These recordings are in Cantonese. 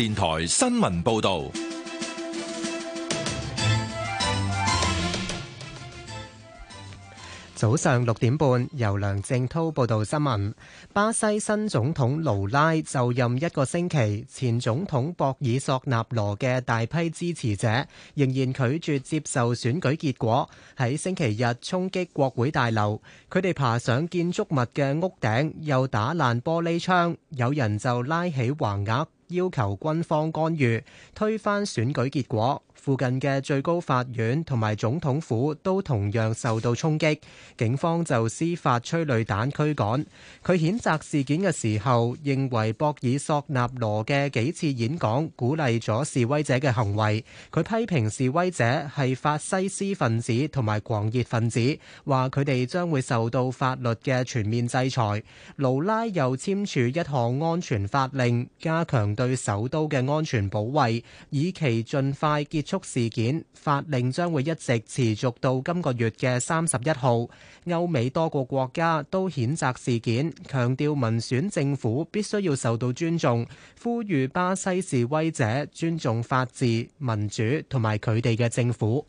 電台新聞報道：早上六點半，由梁正濤報道新聞。巴西新總統盧拉就任一個星期，前總統博爾索納羅嘅大批支持者仍然拒絕接受選舉結果，喺星期日衝擊國會大樓。佢哋爬上建築物嘅屋頂，又打爛玻璃窗，有人就拉起橫額。要求軍方干預，推翻選舉結果，附近嘅最高法院同埋總統府都同樣受到衝擊，警方就施放催淚彈驅趕。佢譴責事件嘅時候，認為博爾索納羅嘅幾次演講鼓勵咗示威者嘅行為，佢批評示威者係法西斯分子同埋狂熱分子，話，佢哋將會受到法律嘅全面制裁。盧拉又簽署一項安全法令，加強，對首都嘅安全保衛，以期盡快結束事件。法令將會一直持續到今個月嘅三十一號。歐美多個國家都譴責事件，強調民選政府必須要受到尊重，呼籲巴西示威者尊重法治、民主同埋佢哋嘅政府。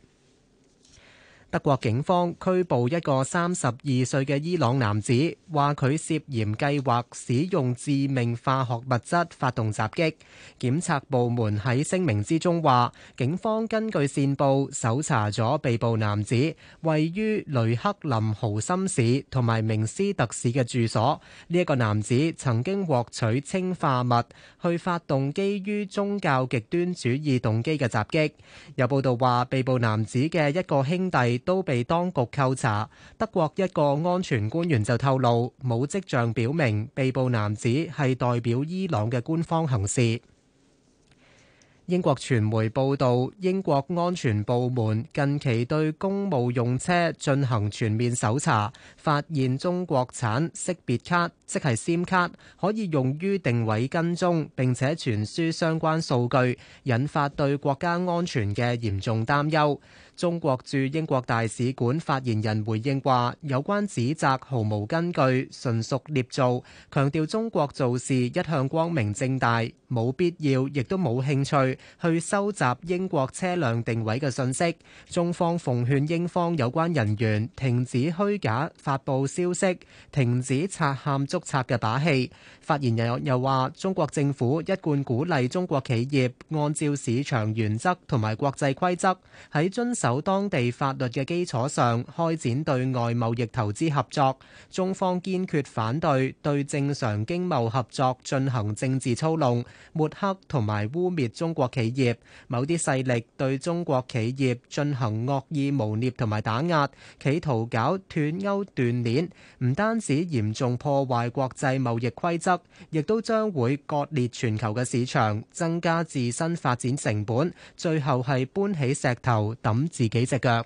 德國警方拘捕一個三十二歲嘅伊朗男子，話佢涉嫌計劃使用致命化學物質發動襲擊。檢察部門喺聲明之中話，警方根據線報搜查咗被捕男子位於雷克林豪森市同埋明斯特市嘅住所。呢一個男子曾經獲取氰化物去發動基於宗教極端主義動機嘅襲擊。有報道話，被捕男子嘅一個兄弟，亦都被當局扣查。德國一個安全官員就透露，冇跡象表明被捕男子係代表伊朗嘅官方行事。英國傳媒報導，英國安全部門近期對公務用車進行全面搜查，發現中國產識別卡，即係 SIM 卡，可以用於定位跟蹤，並且傳輸相關數據，引發對國家安全嘅嚴重擔憂。中國駐英國大使館發言人回應話：有關指責毫無根據，純屬捏造。強調中國做事一向光明正大，冇必要，亦都冇興趣去收集英國車輛定位嘅信息。中方奉勸英方有關人員停止虛假發佈消息，停止賊喊捉賊嘅把戲。發言人又又話：中國政府一貫鼓勵中國企業按照市場原則同埋國際規則喺遵守有當地法律嘅基礎上開展對外貿易投資合作，中方堅決反對對正常經貿合作進行政治操弄、抹黑同埋污蔑中國企業。某啲勢力對中國企業進行惡意污蔑同埋打壓，企圖搞脫鈎斷鏈，唔單止嚴重破壞國際貿易規則，亦都將會割裂全球嘅市場，增加自身發展成本，最後係搬起石頭揼自己隻腳。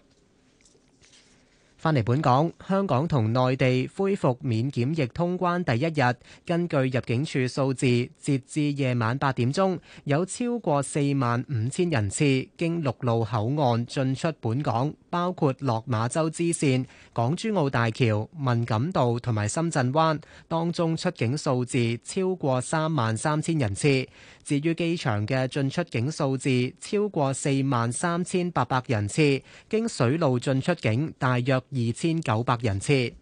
翻嚟本港，香港同內地恢復免檢疫通關第一日，根據入境處數字，截至夜晚八點鐘，有超過四萬五千人次經陸路口岸進出本港，包括落馬洲支線、港珠澳大橋、文錦渡同埋深圳灣，當中出境數字超過三萬三千人次。至於機場嘅進出境數字超過四萬三千八百人次，經水路進出境大約二千九百人次。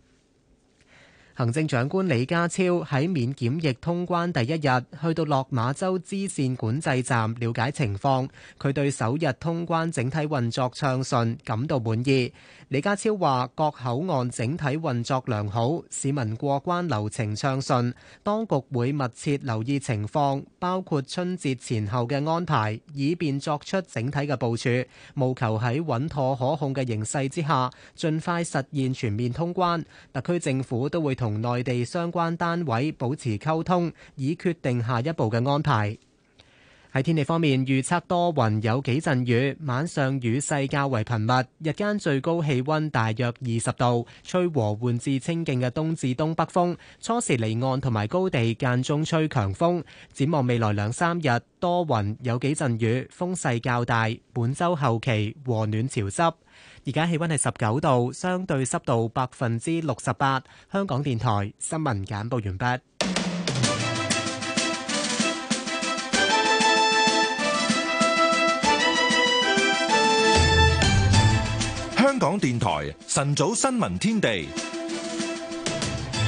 行政長官李家超喺免檢疫通關第一日，去到落馬洲支線管制站了解情況。佢對首日通關整體運作暢順感到滿意。李家超話：各口岸整體運作良好，市民過關流程暢順。當局會密切留意情況，包括春節前後嘅安排，以便作出整體嘅部署。務求喺穩妥可控嘅形勢之下，盡快實現全面通關。特區政府都會同同內地相關單位保持溝通，以決定下一步嘅安排。喺天氣方面，預測多雲有幾陣雨，晚上雨勢較為頻密，日間最高氣温大約二十度，吹和緩至清勁嘅東至東北風，初時離岸同埋高地間中吹強風。展望未來兩三日多雲有幾陣雨，風勢較大。本週後期和暖潮濕。而家氣溫係十九度，相對濕度百分之六十八。香港電台新聞簡報完畢。香港電台晨早新聞天地。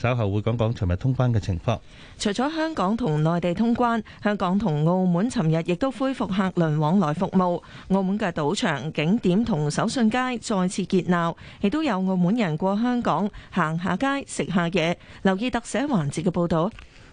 稍後會講講尋日通關嘅情況。除咗香港同內地通關，香港同澳門尋日亦都恢復客輪往來服務。澳門嘅賭場、景點同手信街再次熱鬧，亦都有澳門人過香港行下街、食下嘢。留意特寫環節嘅報導。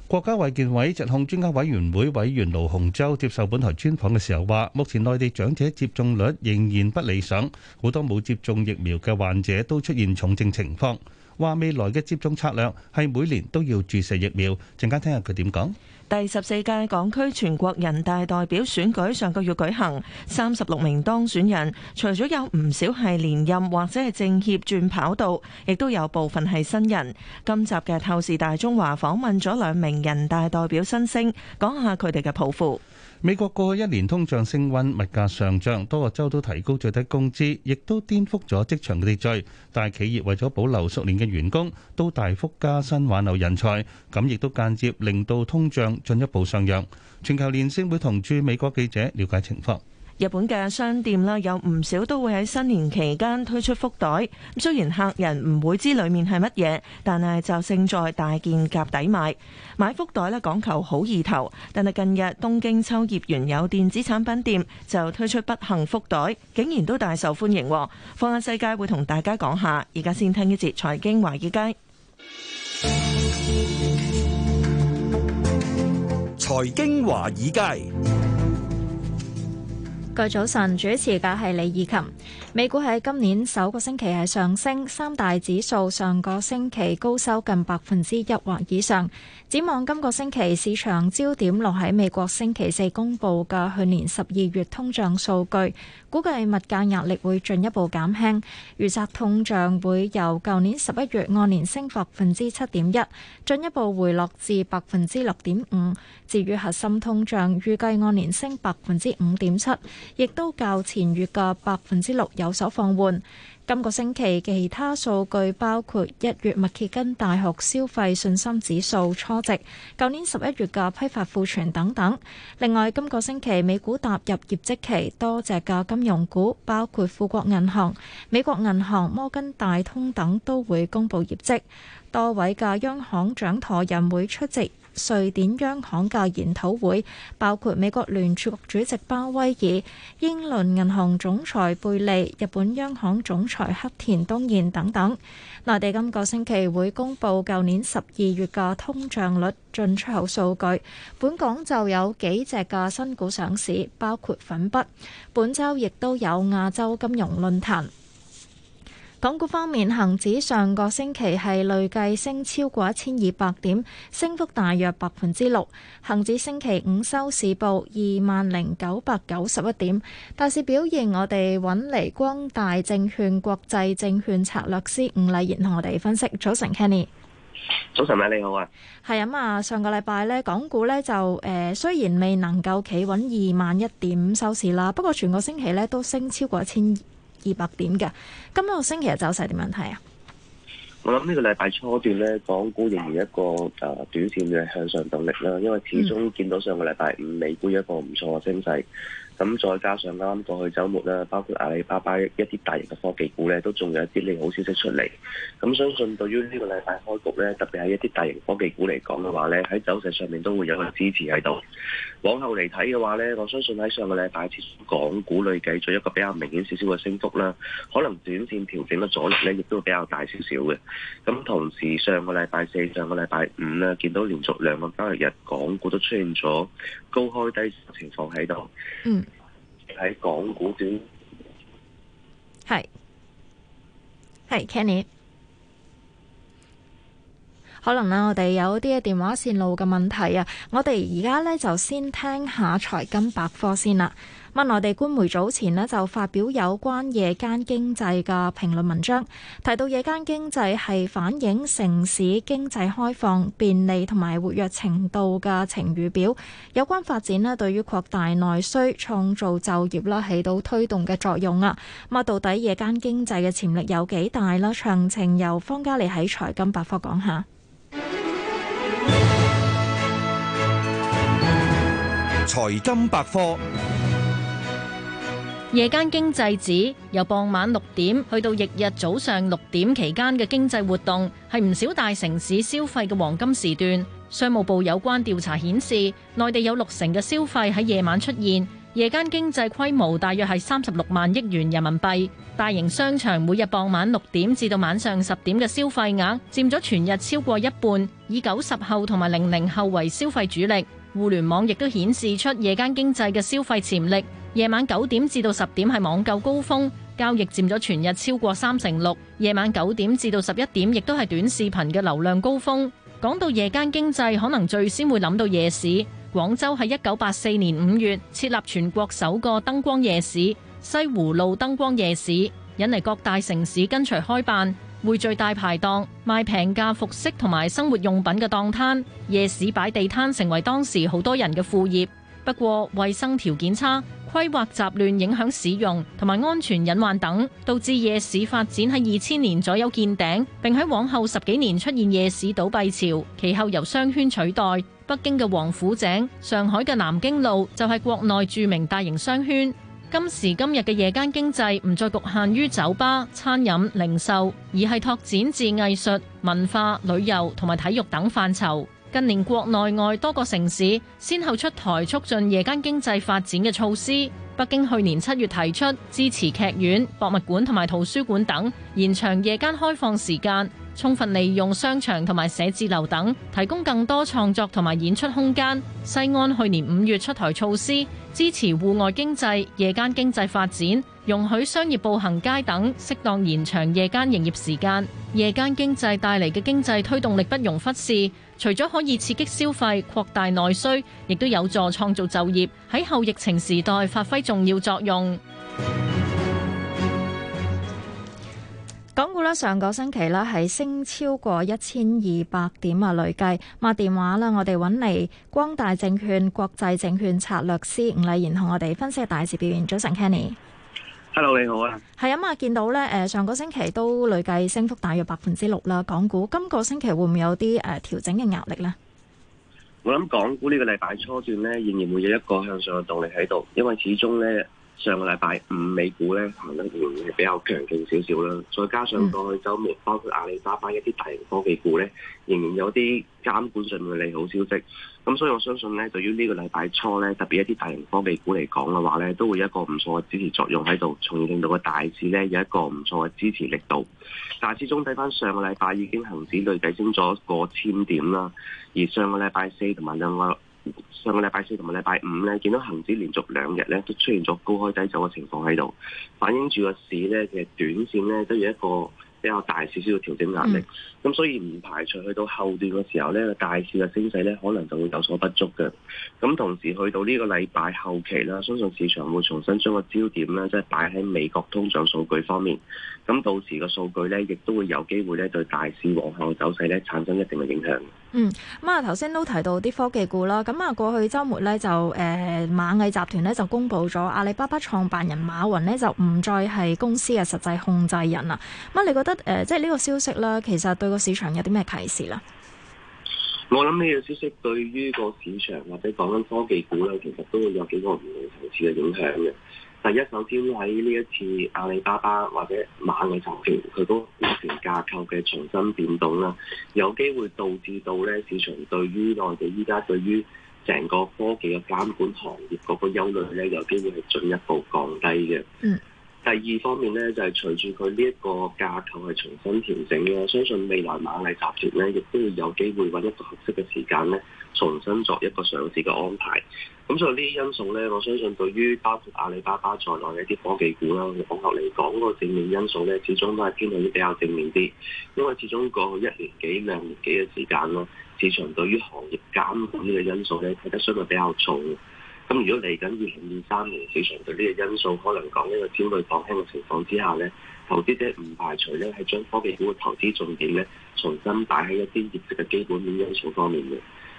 國家衛健委疾控專家委員會委員盧洪洲接受本台專訪嘅時候話，目前內地長者接種率仍然不理想，好多冇接種疫苗嘅患者都出現重症情況。話未來嘅接種策略係每年都要注射疫苗。陣間聽下佢點講。第十四屆港區全國人大代表選舉上個月舉行，三十六名當選人，除咗有唔少係連任或者係政協轉跑道，亦都有部分係新人。今集嘅《透視大中華》訪問咗兩名人大代表新星，講下佢哋嘅抱負。美國過去一年通脹升温，物價上漲，多個州都提高最低工資，亦都顛覆咗職場嘅秩序。但係企業為咗保留熟練嘅員工，都大幅加薪挽留人才，咁亦都間接令到通脹進一步上揚。全球連線會同駐美國記者了解情況。日本嘅商店啦，有唔少都會喺新年期間推出福袋。咁雖然客人唔會知裏面係乜嘢，但係就勝在大件夾底買。買福袋咧，講求好意頭。但係近日東京秋葉原有電子產品店就推出不幸福袋，竟然都大受歡迎。放眼世界，會同大家講下。而家先聽一節財經華爾街。財經華爾街。早晨主持嘅係李以琴。美股喺今年首個星期係上升，三大指數上個星期高收近百分之一或以上。展望今個星期市場焦點落喺美國星期四公布嘅去年十二月通脹數據。估計物價壓力會進一步減輕，預測通脹會由舊年十一月按年升百分之七點一，進一步回落至百分之六點五。至於核心通脹，預計按年升百分之五點七，亦都較前月嘅百分之六有所放緩。今個星期其他數據包括一月密歇根大學消費信心指數初值、舊年十一月嘅批發庫存等等。另外，今、這個星期美股踏入業績期，多隻嘅金融股包括富國銀行、美國銀行、摩根大通等都會公布業績，多位嘅央行掌舵人會出席。瑞典央行嘅研討會，包括美國聯儲局主席鮑威爾、英倫銀行總裁貝利、日本央行總裁黑田東彥等等。內地今個星期會公布舊年十二月嘅通脹率、進出口數據，本港就有幾隻嘅新股上市，包括粉筆。本周亦都有亞洲金融論壇。港股方面，恒指上個星期係累計升超過一千二百點，升幅大約百分之六。恒指星期五收市報二萬零九百九十一點，大市表現。我哋揾嚟光大證券、國際證券策略師吳麗賢同我哋分析。早晨，Kenny。早晨，你好啊。係咁啊，上個禮拜呢，港股呢就誒、呃、雖然未能夠企穩二萬一點收市啦，不過全個星期呢都升超過一千。二百點嘅。今個星期嘅走勢點樣睇啊？我諗呢個禮拜初段咧，港股仍然一個誒、呃、短線嘅向上動力啦，因為始終見到上個禮拜五尾估一個唔錯嘅升勢，咁再加上啱啱過去周末咧，包括阿里巴巴一啲大型嘅科技股咧，都仲有一啲利好消息出嚟，咁相信對於呢個禮拜開局咧，特別係一啲大型科技股嚟講嘅話咧，喺走勢上面都會有一個支持喺度。往後嚟睇嘅話咧，我相信喺上個禮拜，港股累計咗一個比較明顯少少嘅升幅啦，可能短線調整嘅阻力咧，亦都會比較大少少嘅。咁同時，上個禮拜四、上個禮拜五咧，見到連續兩個交易日港股都出現咗高開低情況喺度。嗯。喺港股短，係。係，Canny。可能啦，我哋有啲嘅電話線路嘅問題啊。我哋而家咧就先聽下財金百科先啦。咁內地官媒早前咧就發表有關夜間經濟嘅評論文章，提到夜間經濟係反映城市經濟開放便利同埋活躍程度嘅晴雨表。有關發展咧，對於擴大內需，創造就業啦，起到推動嘅作用啊。咁啊，到底夜間經濟嘅潛力有幾大啦？詳情由方嘉利喺財金百科講下。財金百科：夜間經濟指由傍晚六點去到翌日早上六點期間嘅經濟活動，係唔少大城市消費嘅黃金時段。商務部有關調查顯示，內地有六成嘅消費喺夜晚出現。夜間經濟規模大約係三十六萬億元人民幣。大型商場每日傍晚六點至到晚上十點嘅消費額佔咗全日超過一半，以九十後同埋零零後為消費主力。互聯網亦都顯示出夜間經濟嘅消費潛力。夜晚九點至到十點係網購高峰，交易佔咗全日超過三成六。夜晚九點至到十一點亦都係短視頻嘅流量高峰。講到夜間經濟，可能最先會諗到夜市。廣州喺一九八四年五月設立全國首個燈光夜市——西湖路燈光夜市，引嚟各大城市跟隨開辦，匯聚大排檔、賣平價服飾同埋生活用品嘅檔攤。夜市擺地攤成為當時好多人嘅副業。不過衛生條件差、規劃雜亂、影響市容同埋安全隱患等，導致夜市發展喺二千年左右見頂，並喺往後十幾年出現夜市倒閉潮，其後由商圈取代。北京嘅王府井、上海嘅南京路就係、是、國內著名大型商圈。今時今日嘅夜間經濟唔再局限於酒吧、餐飲、零售，而係拓展至藝術、文化、旅遊同埋體育等範疇，近年國內外多個城市先後出台促進夜間經濟發展嘅措施。北京去年七月提出支持劇院、博物館同埋圖書館等延長夜間開放時間。充分利用商場同埋寫字樓等，提供更多創作同埋演出空間。西安去年五月出台措施，支持戶外經濟、夜間經濟發展，容許商業步行街等適當延長夜間營業時間。夜間經濟帶嚟嘅經濟推動力不容忽視，除咗可以刺激消費、擴大內需，亦都有助創造就業，喺後疫情時代發揮重要作用。港股咧上個星期咧係升超過一千二百點啊，累計。麥電話啦，我哋揾嚟光大證券國際證券策略師吳麗賢同我哋分析大市表現。早晨，Kenny。Kenny、Hello，你好啊。係啊啊，見到咧，誒上個星期都累計升幅大約百分之六啦。港股今個星期會唔會有啲誒調整嘅壓力呢？我諗港股呢個禮拜初段咧，仍然會有一個向上嘅動力喺度，因為始終咧。上個禮拜五美股咧行得仍然係比較強勁少少啦，再加上過去週末包括阿里巴巴一啲大型科技股咧，仍然有啲監管上嘅利好消息，咁所以我相信咧，對於個呢個禮拜初咧，特別一啲大型科技股嚟講嘅話咧，都會有一個唔錯嘅支持作用喺度，從而令到個大市咧有一個唔錯嘅支持力度。但係始終睇翻上個禮拜已經恆指累計升咗過千點啦，而上個禮拜四同埋兩個。上個禮拜四同埋禮拜五咧，見到恒指連續兩日咧都出現咗高開低走嘅情況喺度，反映住個市咧嘅短線咧都有一個比較大少少嘅調整壓力。咁、嗯、所以唔排除去到後段嘅時候咧，大市嘅升勢咧可能就會有所不足嘅。咁同時去到呢個禮拜後期啦，相信市場會重新將個焦點咧即係擺喺美國通脹數據方面。咁到時個數據呢，亦都會有機會咧，對大市往後走勢咧產生一定嘅影響。嗯，咁、嗯、啊，頭先都提到啲科技股啦。咁啊，過去週末呢，就誒螞蟻集團呢，就公布咗阿里巴巴創辦人馬雲呢，就唔再係公司嘅實際控制人啦。咁、嗯嗯、你覺得誒、呃，即係呢個消息咧，其實對個市場有啲咩啟示咧？我諗呢個消息對於個市場或者講緊科技股呢，其實都會有幾個唔同層次嘅影響嘅。第一，首先喺呢一次阿里巴巴或者螞蟻集團佢嗰股權架構嘅重新變動啦，有機會導致到咧市場對於內地依家對於成個科技嘅監管行業嗰個憂慮咧，有機會係進一步降低嘅。嗯。第二方面咧，就係、是、隨住佢呢一個架構係重新調整嘅。相信未來螞蟻集團咧，亦都會有機會揾一個合適嘅時間咧，重新作一個上市嘅安排。咁、嗯、所以呢啲因素咧，我相信對於包括阿里巴巴在內嘅一啲科技股啦，我講落嚟講個正面因素咧，始終都係偏向於比較正面啲，因為始終過去一年幾兩年幾嘅時間咯，市場對於行業監管嘅因素咧，睇得相對比較重。咁如果嚟緊二零二三年，市場對呢個因素可能講呢個焦慮放輕嘅情況之下咧，投資者唔排除咧，係將科技股嘅投資重點咧，重新擺喺一啲業績嘅基本面因素方面嘅。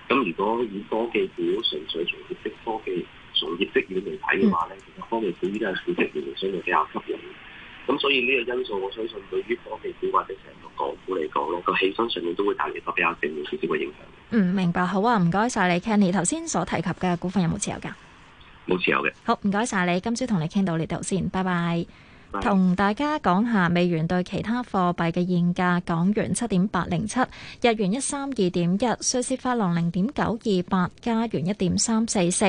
咁如果以科技股純粹從業績科技從業績面嚟睇嘅話咧，mm. 其實科技股依家係市值面相對比較吸引咁所以呢個因素，我相信對於科技股或者成個港股嚟講咧，個氣氛上面都會帶嚟一個比較正面少少嘅影響。嗯，明白。好啊，唔該晒你。Kenny 頭先所提及嘅股份有冇持有㗎？冇持有嘅。好，唔該晒你。今朝同你傾到呢度先，拜拜。同大家講下美元對其他貨幣嘅現價：港元七點八零七，日元一三二點一，瑞士法郎零點九二八，加元一點三四四，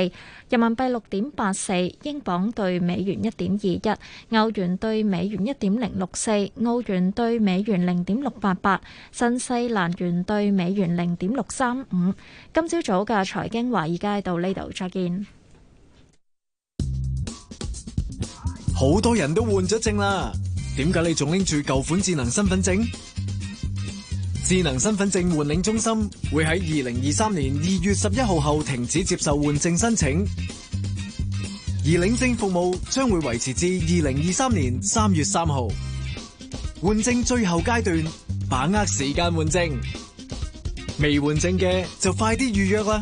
人民幣六點八四，英鎊對美元一點二一，歐元對美元一點零六四，澳元對美元零點六八八，新西蘭元對美元零點六三五。今朝早嘅財經華爾街到呢度，再見。好多人都換咗證啦，點解你仲拎住舊款智能身份證？智能身份證換領中心會喺二零二三年二月十一號後停止接受換證申請，而領證服務將會維持至二零二三年三月三號。換證最後階段，把握時間換證。未換證嘅就快啲預約啦。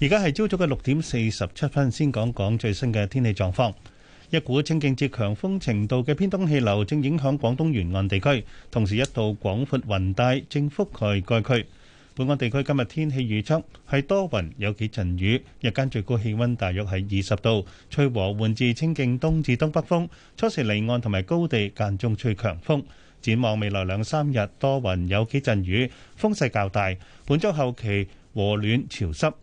而家係朝早嘅六點四十七分，先講講最新嘅天氣狀況。一股清勁至強風程度嘅偏東氣流正影響廣東沿岸地區，同時一道廣闊雲帶正覆蓋該區。本港地區今日天氣預測係多雲有幾陣雨，日間最高氣温大約係二十度，吹和緩至清勁東至東北風，初時離岸同埋高地間中吹強風。展望未來兩三日多雲有幾陣雨，風勢較大。本週後期和暖潮濕。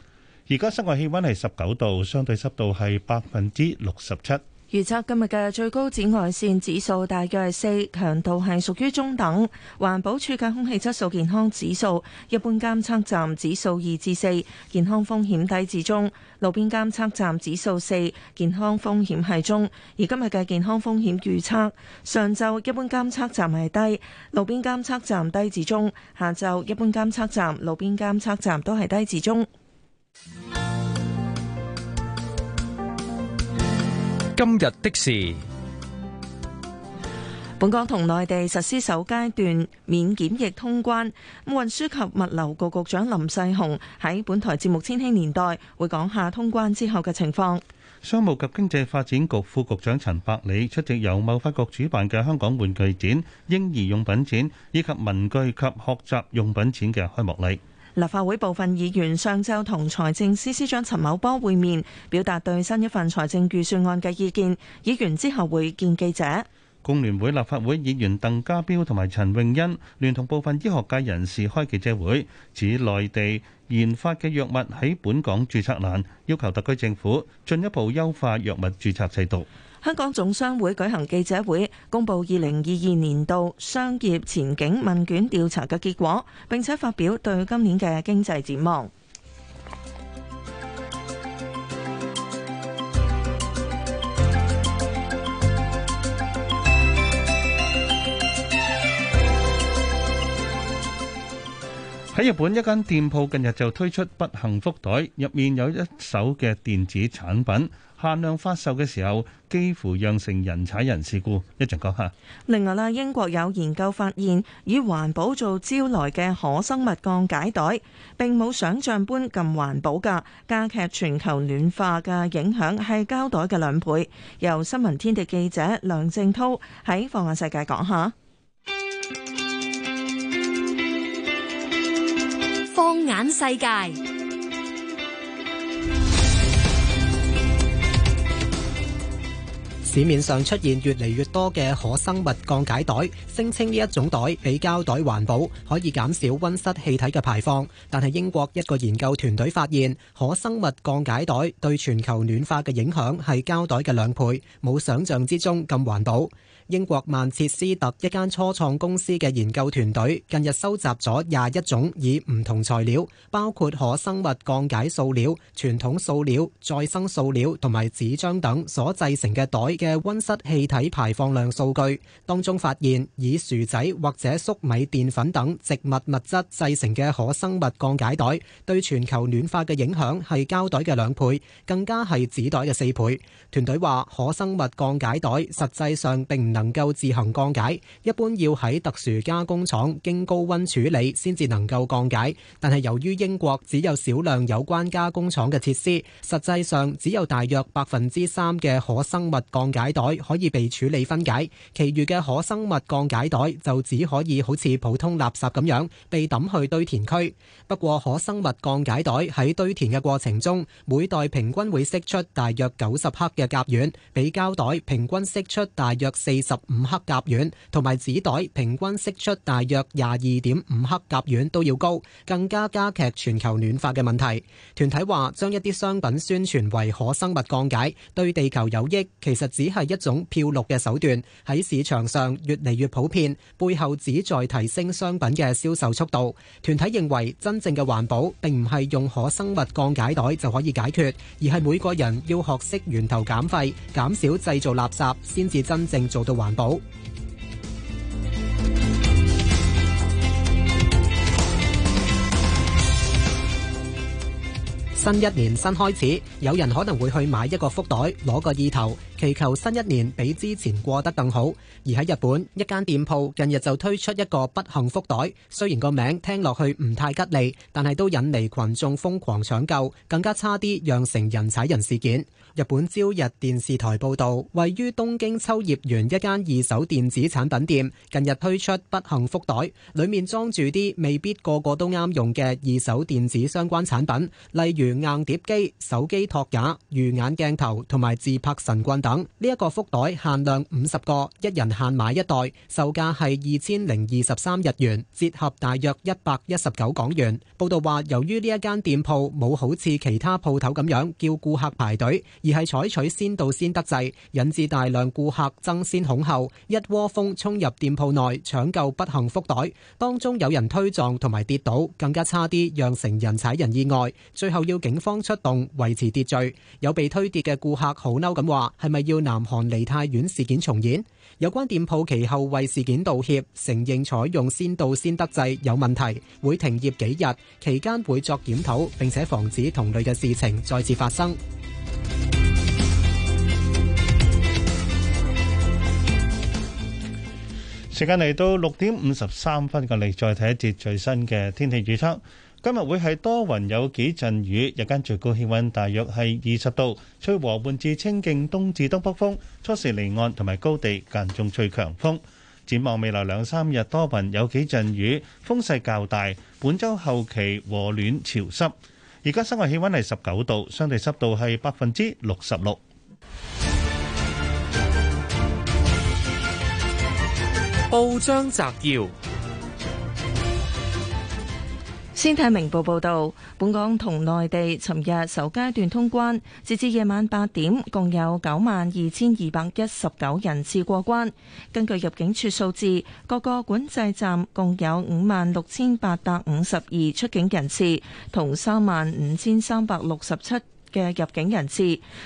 而家室外氣温係十九度，相對濕度係百分之六十七。預測今日嘅最高紫外線指數大約係四，強度係屬於中等。環保署嘅空氣質素健康指數，一般監測站指數二至四，健康風險低至中；路邊監測站指數四，健康風險係中。而今日嘅健康風險預測，上晝一般監測站係低，路邊監測站低至中；下晝一般監測站、路邊監測站都係低至中。今日的事，本港同內地實施首階段免檢疫通關。運輸及物流局局長林世雄喺本台節目《千禧年代》會講下通關之後嘅情況。商務及經濟發展局副局長陳百里出席由貿發局主辦嘅香港玩具展、嬰兒用品展以及文具及學習用品展嘅開幕禮。立法會部分議員上晝同財政司司長陳茂波會面，表達對新一份財政預算案嘅意見。議員之後會見記者。工聯會立法會議員鄧家彪同埋陳穎欣聯同部分醫學界人士開記者會，指內地研發嘅藥物喺本港註冊難，要求特區政府進一步優化藥物註冊制度。香港總商會舉行記者會，公布二零二二年度商業前景問卷調查嘅結果，並且發表對今年嘅經濟展望。喺日本一間店鋪近日就推出不幸福袋，入面有一手嘅電子產品。限量發售嘅時候，幾乎釀成人踩人事故。一陣講下。另外啦，英國有研究發現，以環保做招徠嘅可生物降解袋，並冇想象般咁環保噶，加劇全球暖化嘅影響係膠袋嘅兩倍。由新聞天地記者梁正濤喺放眼世界講下。放眼世界。市面上出現越嚟越多嘅可生物降解袋，聲稱呢一種袋比膠袋環保，可以減少溫室氣體嘅排放。但係英國一個研究團隊發現，可生物降解袋對全球暖化嘅影響係膠袋嘅兩倍，冇想像之中咁環保。英國曼徹斯特一間初創公司嘅研究團隊近日收集咗廿一種以唔同材料，包括可生物降解塑料、傳統塑料、再生塑料同埋紙張等所製成嘅袋嘅溫室氣體排放量數據。當中發現，以薯仔或者粟米澱粉等植物物質製成嘅可生物降解袋，對全球暖化嘅影響係膠袋嘅兩倍，更加係紙袋嘅四倍。團隊話，可生物降解袋實際上並唔能夠自行降解，一般要喺特殊加工廠經高温處理先至能夠降解。但係由於英國只有少量有關加工廠嘅設施，實際上只有大約百分之三嘅可生物降解袋可以被處理分解，其餘嘅可生物降解袋就只可以好似普通垃圾咁樣被抌去堆填區。不過可生物降解袋喺堆填嘅過程中，每袋平均會釋出大約九十克嘅甲烷，比膠袋平均釋出大約四十五克甲烷同埋，紙袋平均釋出大約廿二點五克甲烷都要高，更加加劇全球暖化嘅問題。團體話，將一啲商品宣傳為可生物降解，對地球有益，其實只係一種漂綠嘅手段，喺市場上越嚟越普遍，背後旨在提升商品嘅銷售速度。團體認為，真正嘅環保，並唔係用可生物降解袋就可以解決，而係每個人要學識源頭減廢，減少製造垃圾，先至真正做到。環保。新一年新開始，有人可能會去買一個福袋，攞個意頭，祈求新一年比之前過得更好。而喺日本，一間店鋪近日就推出一個不幸福袋，雖然個名聽落去唔太吉利，但係都引嚟群眾瘋狂搶購，更加差啲釀成人踩人事件。日本朝日電視台報導，位於東京秋葉原一間二手電子產品店，近日推出不幸福袋，裡面裝住啲未必個個都啱用嘅二手電子相關產品，例如。如硬碟機、手機托架、魚眼鏡頭同埋自拍神棍等，呢一個福袋限量五十個，一人限買一袋，售價係二千零二十三日元，折合大約一百一十九港元。報道話，由於呢一間店鋪冇好似其他鋪頭咁樣叫顧客排隊，而係採取先到先得制，引致大量顧客爭先恐後，一窩蜂衝入店鋪內搶救不幸福袋，當中有人推撞同埋跌倒，更加差啲讓成人踩人意外，最後要。警方出動維持秩序，有被推跌嘅顧客好嬲咁話：係咪要南韓梨泰院事件重演？有關店鋪其後為事件道歉，承認採用先到先得制有問題，會停業幾日，期間會作檢討，並且防止同類嘅事情再次發生。時間嚟到六點五十三分嘅例，再睇一節最新嘅天氣預測。今日會係多雲有幾陣雨，日間最高氣溫大約係二十度，吹和緩至清勁東至東北風，初時離岸同埋高地間中吹強風。展望未來兩三日多雲有幾陣雨，風勢較大。本周後期和暖潮濕，而家室外氣溫係十九度，相對濕度係百分之六十六。報章摘要。先睇明報報道，本港同內地尋日首階段通關，截至夜晚八點，共有九萬二千二百一十九人次過關。根據入境處數字，各個管制站共有五萬六千八百五十二出境人次，同三萬五千三百六十七嘅入境人次，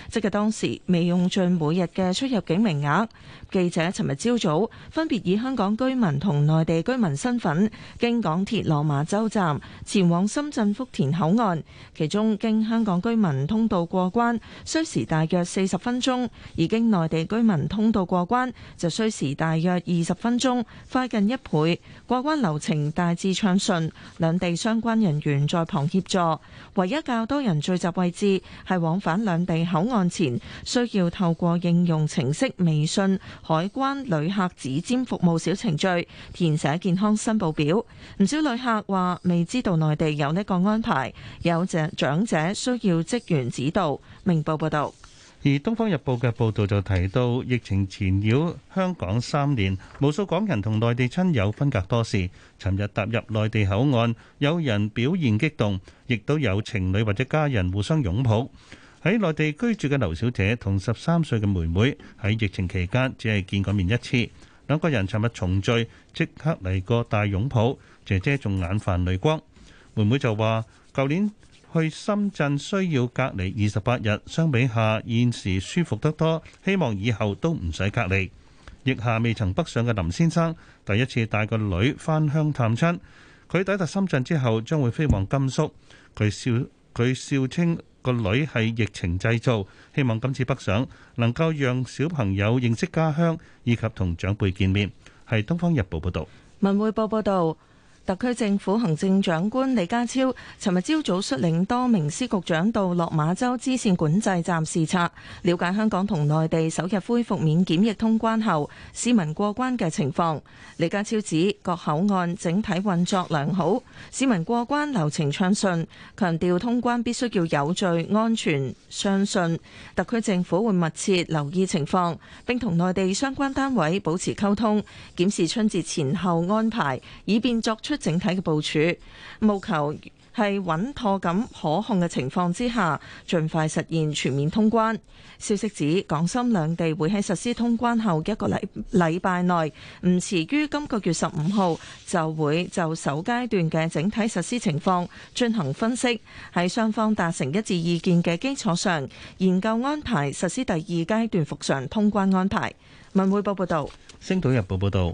即係當時未用盡每日嘅出入境名額。記者尋日朝早分別以香港居民同內地居民身份，經港鐵羅馬洲站前往深圳福田口岸，其中經香港居民通道過關，需時大約四十分鐘；而經內地居民通道過關，就需時大約二十分鐘，快近一倍。過關流程大致暢順，兩地相關人員在旁協助。唯一較多人聚集位置係往返兩地口岸前，需要透過應用程式微信海關旅客指尖服務小程序填寫健康申報表，唔少旅客話未知道內地有呢個安排，有長者需要職員指導。明報報道，而《東方日報》嘅報道就提到，疫情纏繞香港三年，無數港人同內地親友分隔多時。尋日踏入內地口岸，有人表現激動，亦都有情侶或者家人互相擁抱。喺內地居住嘅劉小姐同十三歲嘅妹妹喺疫情期間只係見過面一次，兩個人尋日重聚，即刻嚟個大擁抱，姐姐仲眼泛淚光，妹妹就話：舊年去深圳需要隔離二十八日，相比下現時舒服得多，希望以後都唔使隔離。疫下未曾北上嘅林先生第一次帶個女返鄉探親，佢抵達深圳之後將會飛往甘肅，佢笑佢笑稱。個女係疫情製造，希望今次北上能夠讓小朋友認識家鄉，以及同長輩見面。係《東方日報》報道。《文匯報》報道。特區政府行政長官李家超尋日朝早率領多名司局長到落馬洲支綫管制站視察，了解香港同內地首日恢復免檢疫通關後市民過關嘅情況。李家超指各口岸整體運作良好，市民過關流程暢順，強調通關必須要有序、安全、相信特區政府會密切留意情況，並同內地相關單位保持溝通，檢視春節前後安排，以便作出。出整體嘅部署，務求係穩妥咁可控嘅情況之下，盡快實現全面通關。消息指，港深兩地會喺實施通關後一個禮禮拜內，唔遲於今個月十五號就會就首階段嘅整體實施情況進行分析，喺雙方達成一致意見嘅基礎上，研究安排實施第二階段復常通關安排。文匯報報道，星島日報報道。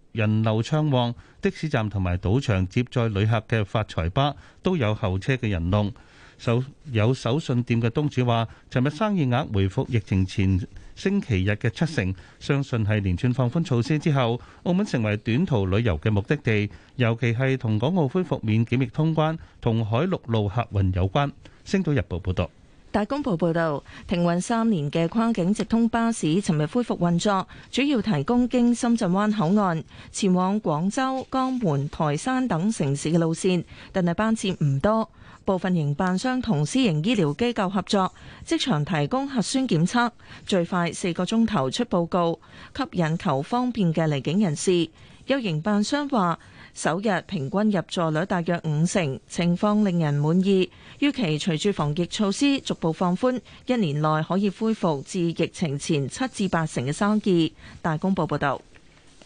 人流暢旺，的士站同埋賭場接載旅客嘅發財巴都有候車嘅人龍。手有手信店嘅東主話，尋日生意額回復疫情前星期日嘅七成，相信係連串放寬措施之後，澳門成為短途旅遊嘅目的地，尤其係同港澳恢復免檢疫通關同海陸路客運有關。星島日報報導。大公報報導，停運三年嘅跨境直通巴士，尋日恢復運作，主要提供經深圳灣口岸前往廣州、江門、台山等城市嘅路線，但係班次唔多。部分營辦商同私營醫療機構合作，即場提供核酸檢測，最快四個鐘頭出報告，吸引求方便嘅離境人士。有營辦商話。首日平均入座率大約五成，情況令人滿意。預期隨住防疫措施逐步放寬，一年內可以恢復至疫情前七至八成嘅生意。大公報報道，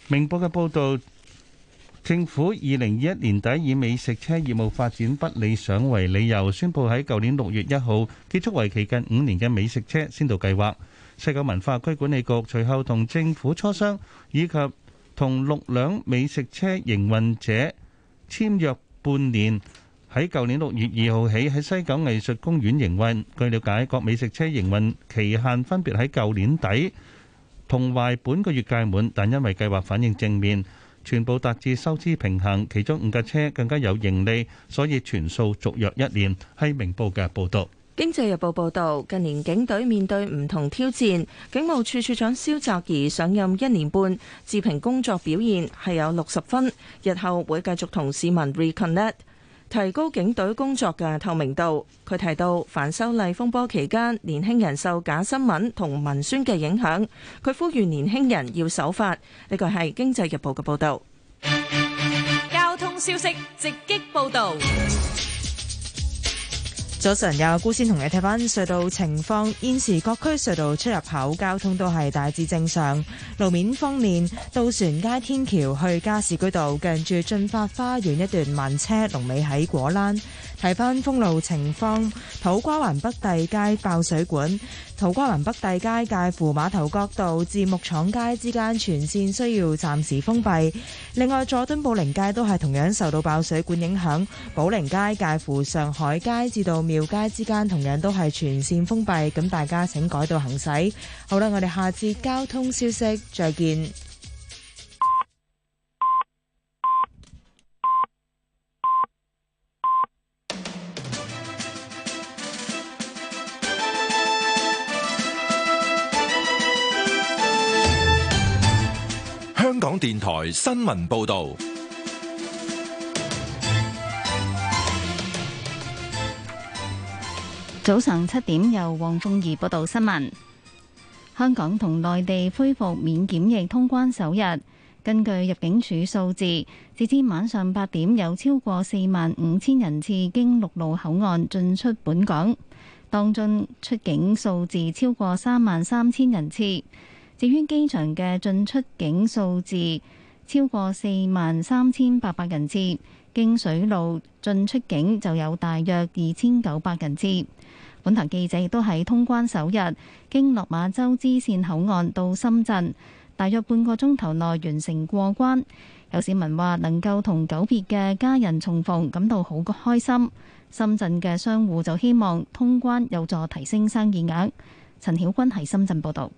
明報嘅報道，政府二零二一年底以美食車業務發展不理想為理由，宣佈喺舊年六月一號結束為期近五年嘅美食車先導計劃，西九文化區管理局隨後同政府磋商，以及同六輛美食車營運者簽約半年，喺舊年六月二號起喺西九藝術公園營運。據了解，各美食車營運期限分別喺舊年底同懷本個月屆滿，但因為計劃反應正面，全部達至收支平衡，其中五架車更加有盈利，所以全數續約一年。喺明報嘅報導。經濟日報報道，近年警隊面對唔同挑戰，警務處處長蕭澤頤上任一年半，自評工作表現係有六十分，日後會繼續同市民 reconnect，提高警隊工作嘅透明度。佢提到反修例風波期間，年輕人受假新聞同文宣嘅影響，佢呼籲年輕人要守法。呢個係經濟日報嘅報道。交通消息直擊報道。早晨，有顧先同你睇翻隧道情況。現時各區隧道出入口交通都係大致正常。路面方面，渡船街天橋去加士居道近住駿發花園一段慢車龍尾喺果欄。睇翻封路情況，土瓜灣北帝街爆水管，土瓜灣北帝街介乎馬頭角道至木廠街之間全綫需要暫時封閉。另外，佐敦寶靈街都係同樣受到爆水管影響，寶靈街介乎上海街至到廟街之間同樣都係全綫封閉。咁大家請改道行駛。好啦，我哋下次交通消息再見。香港電台新聞報道，早上七點由黃鳳儀報道新聞。香港同內地恢復免檢疫通關首日，根據入境處數字，截至晚上八點，有超過四萬五千人次經陸路口岸進出本港，當中出境數字超過三萬三千人次。至於機場嘅進出境數字超過四萬三千八百人次，經水路進出境就有大約二千九百人次。本台記者亦都喺通關首日經落馬洲支線口岸到深圳，大約半個鐘頭內完成過關。有市民話能夠同久別嘅家人重逢，感到好開心。深圳嘅商戶就希望通關有助提升生意額。陳曉君喺深圳報道。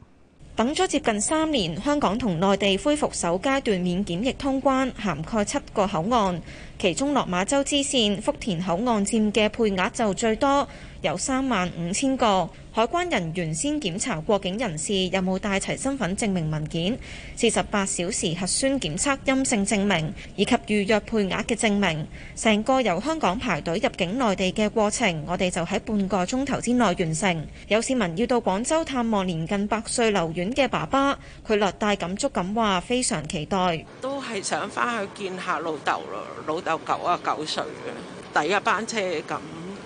等咗接近三年，香港同內地恢復首階段免檢疫通關，涵蓋七個口岸。其中落馬洲支線福田口岸佔嘅配額就最多，有三萬五千個。海關人員先檢查過境人士有冇帶齊身份證明文件、四十八小時核酸檢測陰性證明以及預約配額嘅證明。成個由香港排隊入境內地嘅過程，我哋就喺半個鐘頭之內完成。有市民要到廣州探望年近百歲留院嘅爸爸，佢略帶感觸咁話：非常期待，都係想返去見下老豆咯，到九啊九歲啊，第一班車咁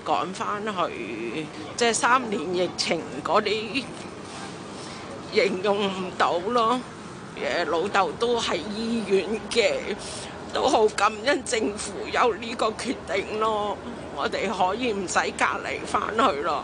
趕翻去，即係三年疫情嗰啲形容唔到咯。誒，老豆都係醫院嘅，都好感恩政府有呢個決定咯。我哋可以唔使隔離翻去咯。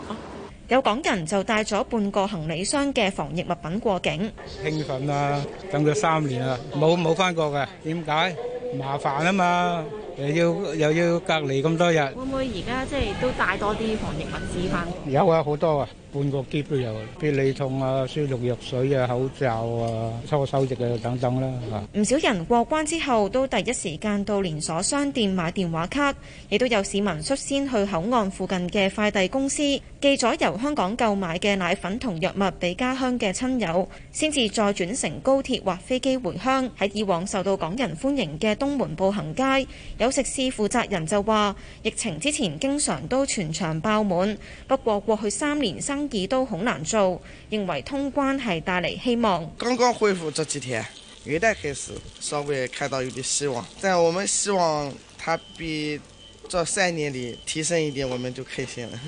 有港人就帶咗半個行李箱嘅防疫物品過境，過境興奮啊！等咗三年啊，冇冇翻過嘅，點解？麻煩啊嘛！又要又要隔離咁多日，會唔會而家即係都帶多啲防疫物資返？而家會有好多啊。半個鍵都有，必理痛啊，消毒藥水啊，口罩啊，初收穫啊等等啦嚇。唔少人過關之後都第一時間到連鎖商店買電話卡，亦都有市民率先去口岸附近嘅快遞公司寄咗由香港購買嘅奶粉同藥物俾家鄉嘅親友，先至再轉乘高鐵或飛機回鄉。喺以往受到港人歡迎嘅東門步行街，有食肆負責人就話：疫情之前經常都全場爆滿，不過過去三年三。生意都好難做，認為通關係帶嚟希望。剛剛恢復這幾天，元旦開始稍微看到有啲希望。但我們希望它比這三年裏提升一點，我們就開心了。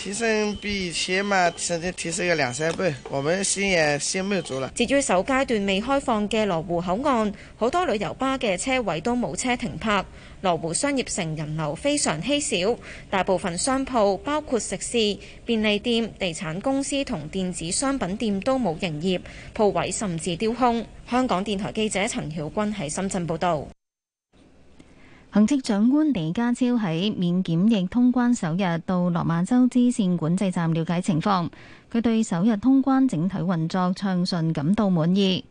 提升比以前嘛，甚至提升個兩三倍，我們心也心滿足啦。至於首階段未開放嘅羅湖口岸，好多旅遊巴嘅車位都冇車停泊，羅湖商業城人流非常稀少，大部分商鋪包括食肆、便利店、地產公司同電子商品店都冇營業，鋪位甚至丟空。香港電台記者陳曉君喺深圳報道。行政長官李家超喺免檢疫通關首日到落馬洲支線管制站了解情況，佢對首日通關整體運作暢順感到滿意。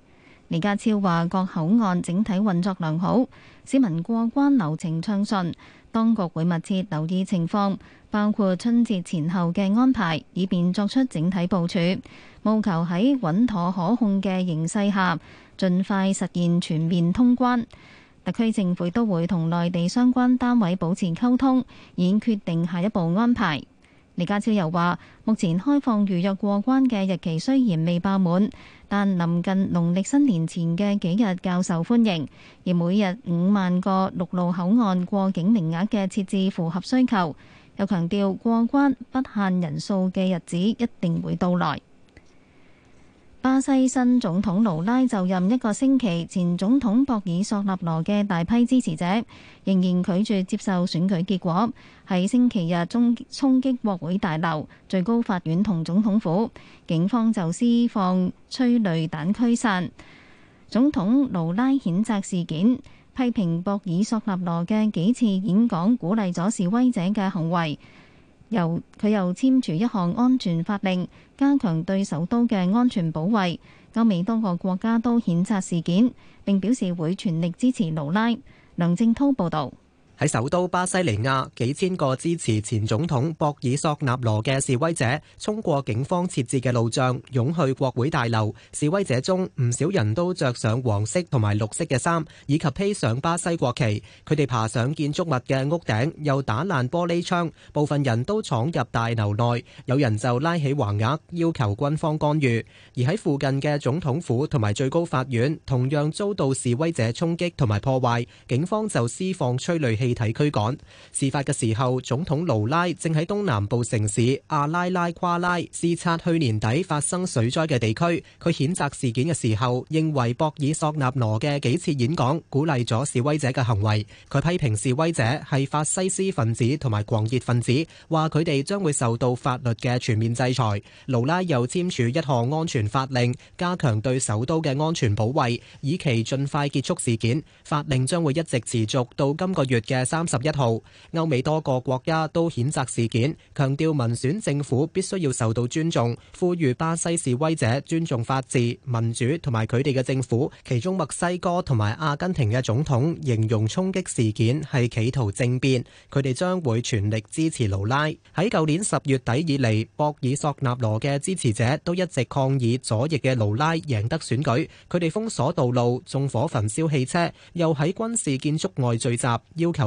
李家超話：各口岸整體運作良好，市民過關流程暢順，當局會密切留意情況，包括春節前後嘅安排，以便作出整體部署，務求喺穩妥可控嘅形勢下，盡快實現全面通關。特區政府都會同內地相關單位保持溝通，已決定下一步安排。李家超又話：目前開放預約過關嘅日期雖然未爆滿，但臨近農曆新年前嘅幾日較受歡迎。而每日五萬個陸路口岸過境名額嘅設置符合需求。又強調過關不限人數嘅日子一定會到來。巴西新總統盧拉就任一個星期前，總統博爾索納羅嘅大批支持者仍然拒絕接受選舉結果，喺星期日中衝擊國會大樓、最高法院同總統府，警方就施放催淚彈驅散。總統盧拉譴責事件，批評博爾索納羅嘅幾次演講鼓勵咗示威者嘅行為。由佢又簽署一項安全法令，加強對首都嘅安全保衛。歐美多個國家都譴責事件，並表示會全力支持盧拉。梁正濤報導。喺首都巴西利亞，幾千個支持前總統博爾索納羅嘅示威者，衝過警方設置嘅路障，湧去國會大樓。示威者中唔少人都着上黃色同埋綠色嘅衫，以及披上巴西國旗。佢哋爬上建築物嘅屋頂，又打爛玻璃窗。部分人都闖入大樓內，有人就拉起橫額，要求軍方干預。而喺附近嘅總統府同埋最高法院，同樣遭到示威者衝擊同埋破壞。警方就施放催淚氣氣體驅趕。事發嘅時候，總統盧拉正喺東南部城市阿拉拉夸拉視察去年底發生水災嘅地區。佢譴責事件嘅時候，認為博爾索納羅嘅幾次演講鼓勵咗示威者嘅行為。佢批評示威者係法西斯分子同埋狂熱分子，話佢哋將會受到法律嘅全面制裁。盧拉又簽署一項安全法令，加強對首都嘅安全保衛，以期盡快結束事件。法令將會一直持續到今個月嘅嘅三十一號，歐美多個國家都譴責事件，強調民選政府必須要受到尊重，呼籲巴西示威者尊重法治、民主同埋佢哋嘅政府。其中墨西哥同埋阿根廷嘅總統形容衝擊事件係企圖政變，佢哋將會全力支持盧拉。喺舊年十月底以嚟，博爾索納羅嘅支持者都一直抗議左翼嘅盧拉贏得選舉，佢哋封鎖道路、縱火焚燒汽車，又喺軍事建築外聚集，要求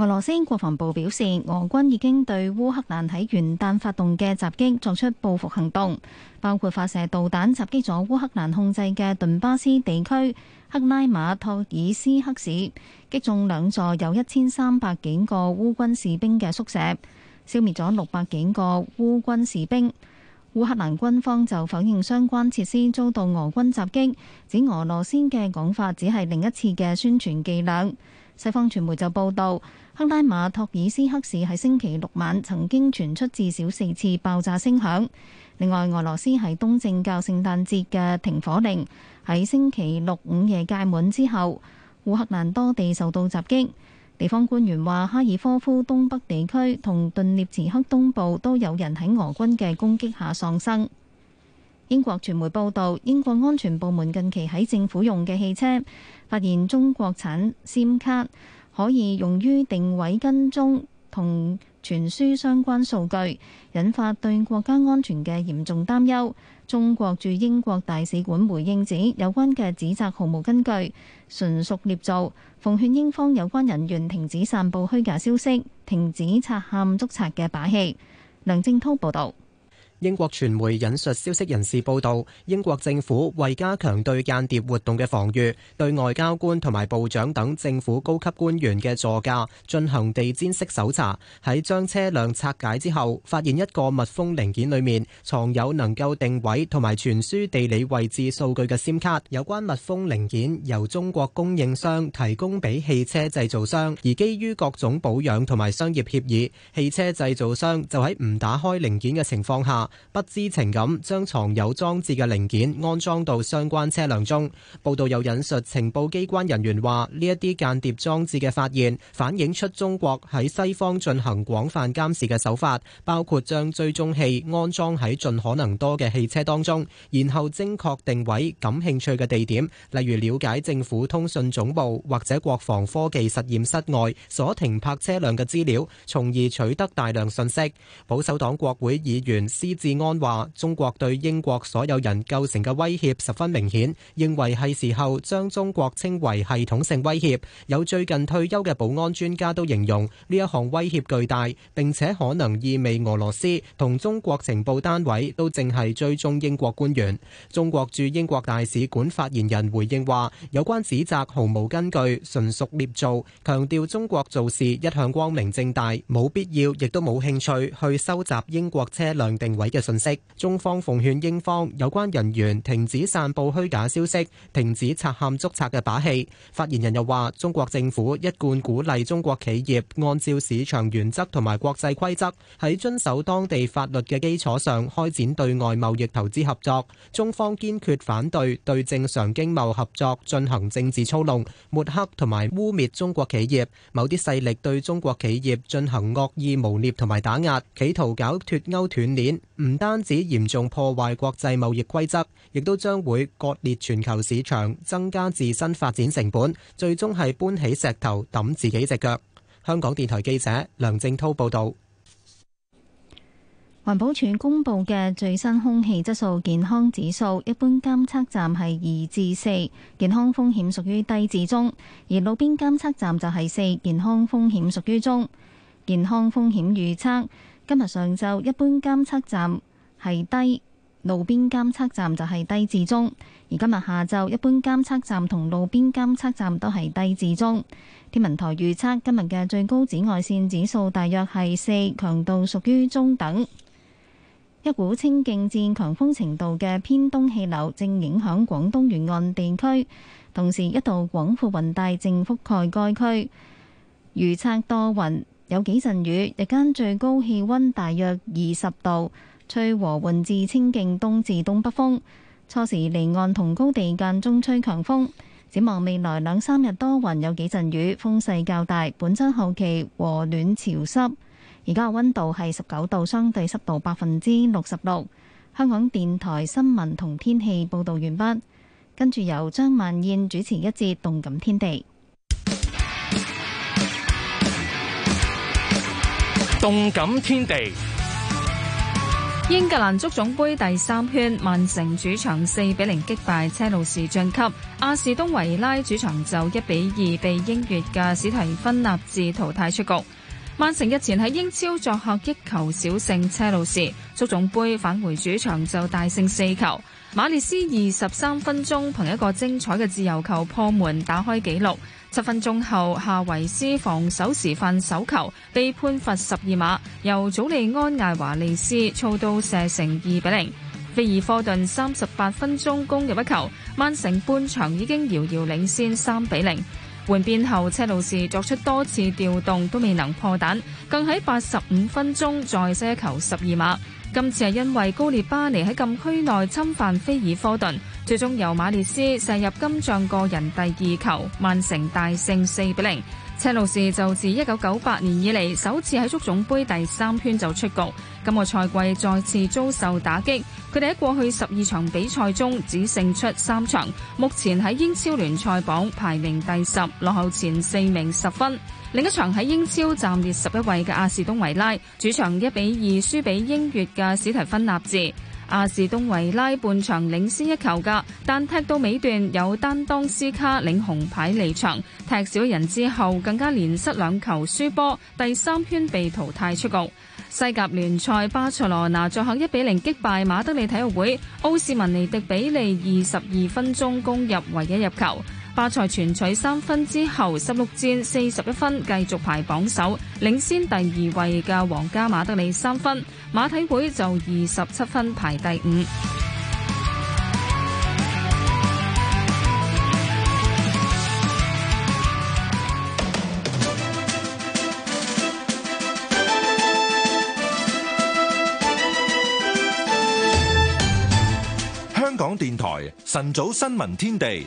俄羅斯國防部表示，俄軍已經對烏克蘭喺元旦發動嘅襲擊作出報復行動，包括發射導彈襲擊咗烏克蘭控制嘅頓巴斯地區克拉馬托爾斯克市，擊中兩座有一千三百幾個烏軍士兵嘅宿舍，消滅咗六百幾個烏軍士兵。烏克蘭軍方就否認相關設施遭到俄軍襲擊，指俄羅斯嘅講法只係另一次嘅宣傳伎倆。西方傳媒就報道。克拉馬托爾斯克市喺星期六晚曾經傳出至少四次爆炸聲響。另外，俄羅斯喺東正教聖誕節嘅停火令喺星期六午夜屆滿之後，烏克蘭多地受到襲擊。地方官員話，哈爾科夫東北地區同頓涅茨克東部都有人喺俄軍嘅攻擊下喪生。英國傳媒報道，英國安全部門近期喺政府用嘅汽車發現中國產 SIM 卡。可以用於定位跟蹤同傳輸相關數據，引發對國家安全嘅嚴重擔憂。中國駐英國大使館回應指，有關嘅指責毫無根據，純屬捏造，奉勸英方有關人員停止散布虛假消息，停止賊喊捉賊嘅把戲。梁正濤報道。英國傳媒引述消息人士報道，英國政府為加強對間諜活動嘅防禦，對外交官同埋部長等政府高級官員嘅座駕進行地氈式搜查。喺將車輛拆解之後，發現一個密封零件裏面藏有能夠定位同埋傳輸地理位置數據嘅 SIM 卡。有關密封零件由中國供應商提供俾汽車製造商，而基於各種保養同埋商業協議，汽車製造商就喺唔打開零件嘅情況下，不知情咁將藏有裝置嘅零件安裝到相關車輛中。報道又引述情報機關人員話：呢一啲間諜裝置嘅發現，反映出中國喺西方進行廣泛監視嘅手法，包括將追蹤器安裝喺盡可能多嘅汽車當中，然後精確定位感興趣嘅地點，例如了解政府通訊總部或者國防科技實驗室外所停泊車輛嘅資料，從而取得大量信息。保守黨國會議員斯治安話中國對英國所有人構成嘅威脅十分明顯，認為係時候將中國稱為系統性威脅。有最近退休嘅保安專家都形容呢一項威脅巨大，並且可能意味俄羅斯同中國情報單位都淨係追蹤英國官員。中國駐英國大使館發言人回應話：有關指責毫無根據，純屬捏造。強調中國做事一向光明正大，冇必要亦都冇興趣去收集英國車輛定位。嘅信息，中方奉勸英方有關人員停止散布虛假消息，停止賊喊捉賊嘅把戲。發言人又話中國政府一貫鼓勵中國企業按照市場原則同埋國際規則，喺遵守當地法律嘅基礎上開展對外貿易投資合作。中方堅決反對對正常經貿合作進行政治操弄、抹黑同埋污蔑中國企業，某啲勢力對中國企業進行惡意污蔑同埋打壓，企圖搞脱歐斷鏈。唔單止嚴重破壞國際貿易規則，亦都將會割裂全球市場，增加自身發展成本，最終係搬起石頭揼自己隻腳。香港電台記者梁正滔報導。環保署公布嘅最新空氣質素健康指數，一般監測站係二至四，健康風險屬於低至中；而路邊監測站就係四，健康風險屬於中。健康風險預測。今日上晝一般監測站係低，路邊監測站就係低至中。而今日下晝一般監測站同路邊監測站都係低至中。天文台預測今日嘅最高紫外線指數大約係四，強度屬於中等。一股清勁至強風程度嘅偏東氣流正影響廣東沿岸地區，同時一道廣闊雲帶正覆蓋該區，預測多雲。有幾陣雨，日間最高氣溫大約二十度，吹和緩至清勁東至東北風。初時離岸同高地間中吹強風。展望未來兩三日多雲，有幾陣雨，風勢較大。本週後期和暖潮濕。而家嘅溫度係十九度，相對濕度百分之六十六。香港電台新聞同天氣報導完畢，跟住由張曼燕主持一節動感天地。動感天地，英格蘭足總杯第三圈，曼城主場四比零擊敗車路士晉級。阿士東維拉主場就一比二被英乙嘅史提芬納治淘汰出局。曼城日前喺英超作客一球小勝車路士，足總杯返回主場就大勝四球。馬列斯二十三分鐘憑一個精彩嘅自由球破門打開紀錄。七分鐘後，夏維斯防守時犯手球，被判罰十二碼。由祖利安艾華利斯操刀射成二比零。菲爾科頓三十八分鐘攻入一球，曼城半場已經遙遙領先三比零。換邊後，車路士作出多次調動都未能破蛋，更喺八十五分鐘再射球十二碼。今次係因為高列巴尼喺禁區內侵犯菲爾科頓，最終由馬列斯射入今場個人第二球，曼城大勝四比零。車路士就自一九九八年以嚟首次喺足總杯第三圈就出局，今個賽季再次遭受打擊。佢哋喺過去十二場比賽中只勝出三場，目前喺英超聯賽榜排名第十，落後前四名十分。另一場喺英超暫列十一位嘅阿士東維拉，主場一比二輸俾英越嘅史提芬納治。阿士東維拉半場領先一球嘅，但踢到尾段有單當斯卡領紅牌離場，踢少人之後更加連失兩球輸波，第三圈被淘汰出局。西甲聯賽巴塞羅那作客一比零擊敗馬德里體育會，奧斯文尼迪比利二十二分鐘攻入唯一入球。巴塞全取三分之後，十六戰四十一分，繼續排榜首，領先第二位嘅皇家馬德里三分，馬體會就二十七分排第五。香港電台晨早新聞天地。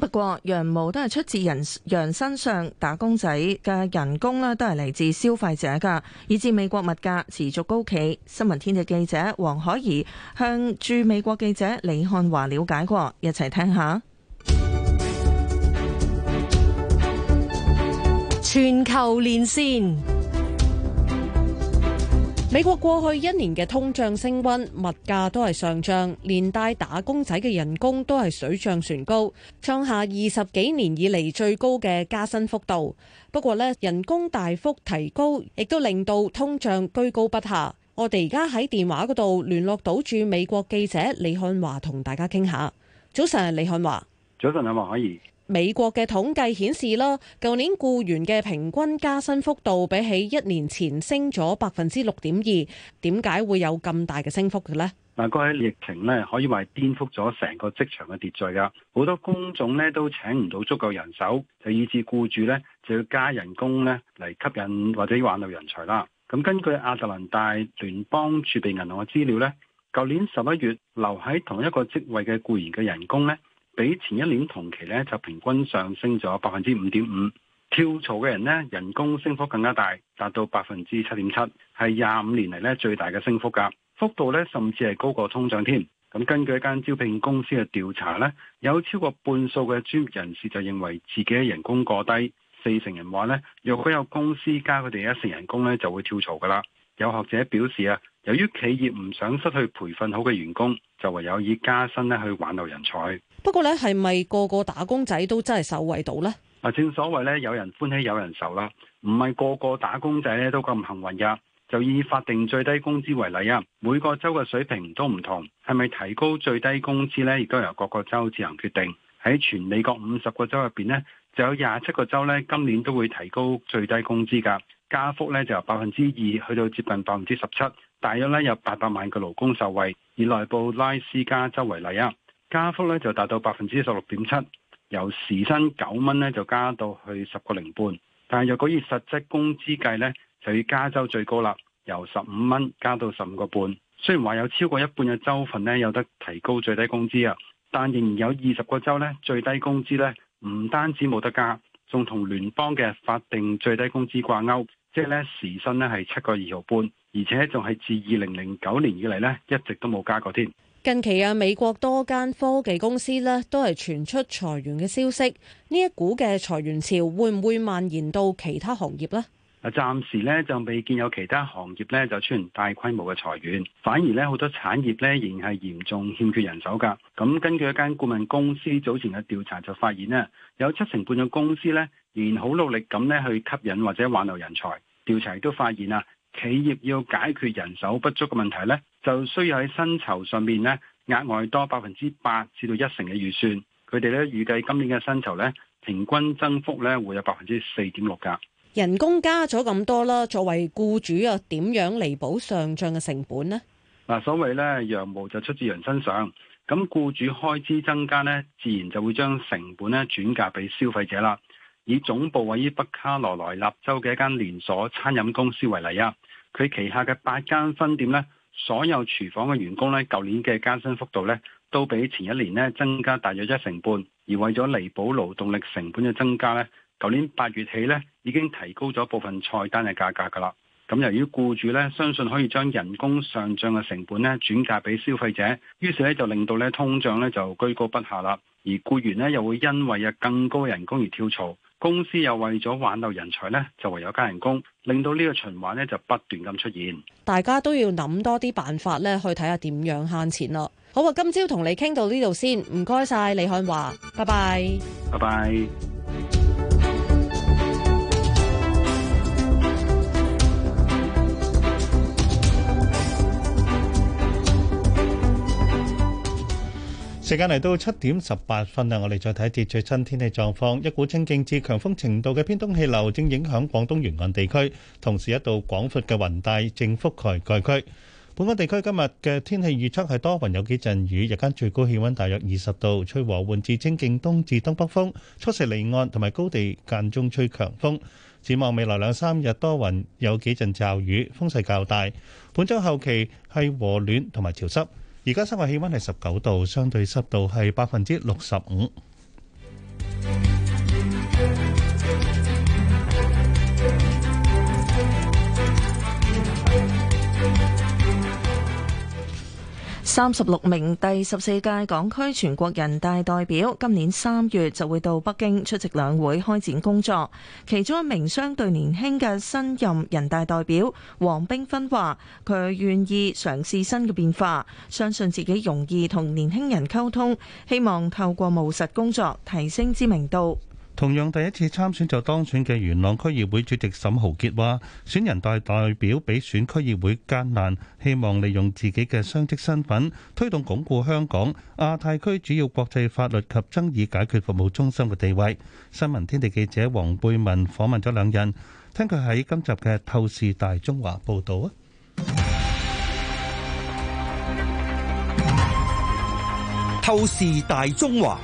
不過羊毛都係出自人羊身上，打工仔嘅人工咧都係嚟自消費者噶，以致美國物價持續高企。新聞天地記者黃海怡向駐美國記者李漢華了解過，一齊聽下全球連線。美國過去一年嘅通脹升溫，物價都係上漲，連帶打工仔嘅人工都係水漲船高，創下二十幾年以嚟最高嘅加薪幅度。不過咧，人工大幅提高，亦都令到通脹居高不下。我哋而家喺電話嗰度聯絡到駐美國記者李漢華，同大家傾下。早晨，李漢華。早晨啊，黃可怡。美國嘅統計顯示啦，舊年雇員嘅平均加薪幅度比起一年前升咗百分之六點二，點解會有咁大嘅升幅嘅呢？嗱，嗰啲疫情呢，可以話係顛覆咗成個職場嘅秩序噶，好多工種呢都請唔到足夠人手，就以致僱主呢，就要加人工呢嚟吸引或者挽留人才啦。咁根據亞特蘭大聯邦儲備銀行嘅資料呢，舊年十一月留喺同一個職位嘅僱員嘅人工呢，比前一年同期咧就平均上升咗百分之五點五，跳槽嘅人呢，人工升幅更加大，達到百分之七點七，係廿五年嚟，呢最大嘅升幅噶，幅度呢，甚至係高過通脹添。咁根據一間招聘公司嘅調查呢，有超過半數嘅專業人士就認為自己嘅人工過低，四成人話呢，若果有公司加佢哋一成人工呢，就會跳槽噶啦。有學者表示啊，由於企業唔想失去培訓好嘅員工，就唯有以加薪呢去挽留人才。不過咧，係咪個個打工仔都真係受惠到呢？啊，正所謂咧，有人歡喜有人愁啦，唔係個個打工仔咧都咁幸運噶。就以法定最低工資為例啊，每個州嘅水平都唔同，係咪提高最低工資呢？亦都由各個州自行決定。喺全美國五十個州入邊呢，就有廿七個州呢，今年都會提高最低工資噶，加幅呢，就由百分之二去到接近百分之十七，大約呢，有八百萬嘅勞工受惠，以內布拉斯加州為例啊。加幅咧就達到百分之十六點七，由時薪九蚊咧就加到去十個零半，但係若果以實質工資計咧，就要加州最高啦，由十五蚊加到十五個半。雖然話有超過一半嘅州份咧有得提高最低工資啊，但仍然有二十個州咧最低工資咧唔單止冇得加，仲同聯邦嘅法定最低工資掛鈎，即係咧時薪咧係七個二毫半，而且仲係自二零零九年以嚟咧一直都冇加過添。近期啊，美國多間科技公司咧都係傳出裁員嘅消息，呢一股嘅裁員潮會唔會蔓延到其他行業呢？啊，暫時咧就未見有其他行業咧就出現大規模嘅裁員，反而咧好多產業咧仍係嚴重欠缺人手㗎。咁根據一間顧問公司早前嘅調查就發現呢，有七成半嘅公司咧仍然好努力咁咧去吸引或者挽留人才。調查亦都發現啊，企業要解決人手不足嘅問題呢，就需要喺薪酬上面呢額外多百分之八至到一成嘅預算。佢哋呢預計今年嘅薪酬呢平均增幅呢會有百分之四點六噶人工加咗咁多啦，作為僱主啊，點樣彌補上漲嘅成本呢？嗱，所謂呢羊毛就出自羊身上，咁僱主開支增加呢，自然就會將成本呢轉嫁俾消費者啦。以總部位於北卡羅來納州嘅一間連鎖餐飲公司為例啊，佢旗下嘅八間分店呢，所有廚房嘅員工呢，舊年嘅加薪幅度呢，都比前一年呢增加大約一成半。而為咗彌補勞動力成本嘅增加呢，舊年八月起呢已經提高咗部分菜單嘅價格㗎喇。咁由於僱主呢相信可以將人工上漲嘅成本呢轉嫁俾消費者，於是呢就令到呢通脹呢就居高不下喇。而僱員呢又會因為啊更高人工而跳槽。公司又為咗挽留人才呢，就唯有加人工，令到呢個循環呢就不斷咁出現。大家都要諗多啲辦法咧，去睇下點樣慳錢咯。好啊，今朝同你傾到呢度先，唔該晒李漢華，拜拜，拜拜。時間嚟到七點十八分啊！我哋再睇一節最新天氣狀況。一股清勁至強風程度嘅偏東氣流正影響廣東沿岸地區，同時一道廣闊嘅雲帶正覆蓋該區。本港地區今日嘅天氣預測係多雲有幾陣雨，日間最高氣温大約二十度，吹和緩至清勁東至東北風，初時離岸同埋高地間中吹強風。展望未來兩三日多雲有幾陣驟雨，風勢較大。本週後期係和暖同埋潮濕。而家室外氣温係十九度，相對濕度係百分之六十五。三十六名第十四屆港區全國人大代表今年三月就會到北京出席兩會開展工作，其中一名相對年輕嘅新任人大代表黃冰芬話，佢願意嘗試新嘅變化，相信自己容易同年輕人溝通，希望透過務實工作提升知名度。同樣第一次參選就當選嘅元朗區議會主席沈豪傑話：選人大代表比選區議會艱難，希望利用自己嘅雙職身份推動鞏固香港亞太區主要國際法律及爭議解決服務中心嘅地位。新聞天地記者黃貝文訪問咗兩人，聽佢喺今集嘅《透視大中華》報導啊，《透視大中華》。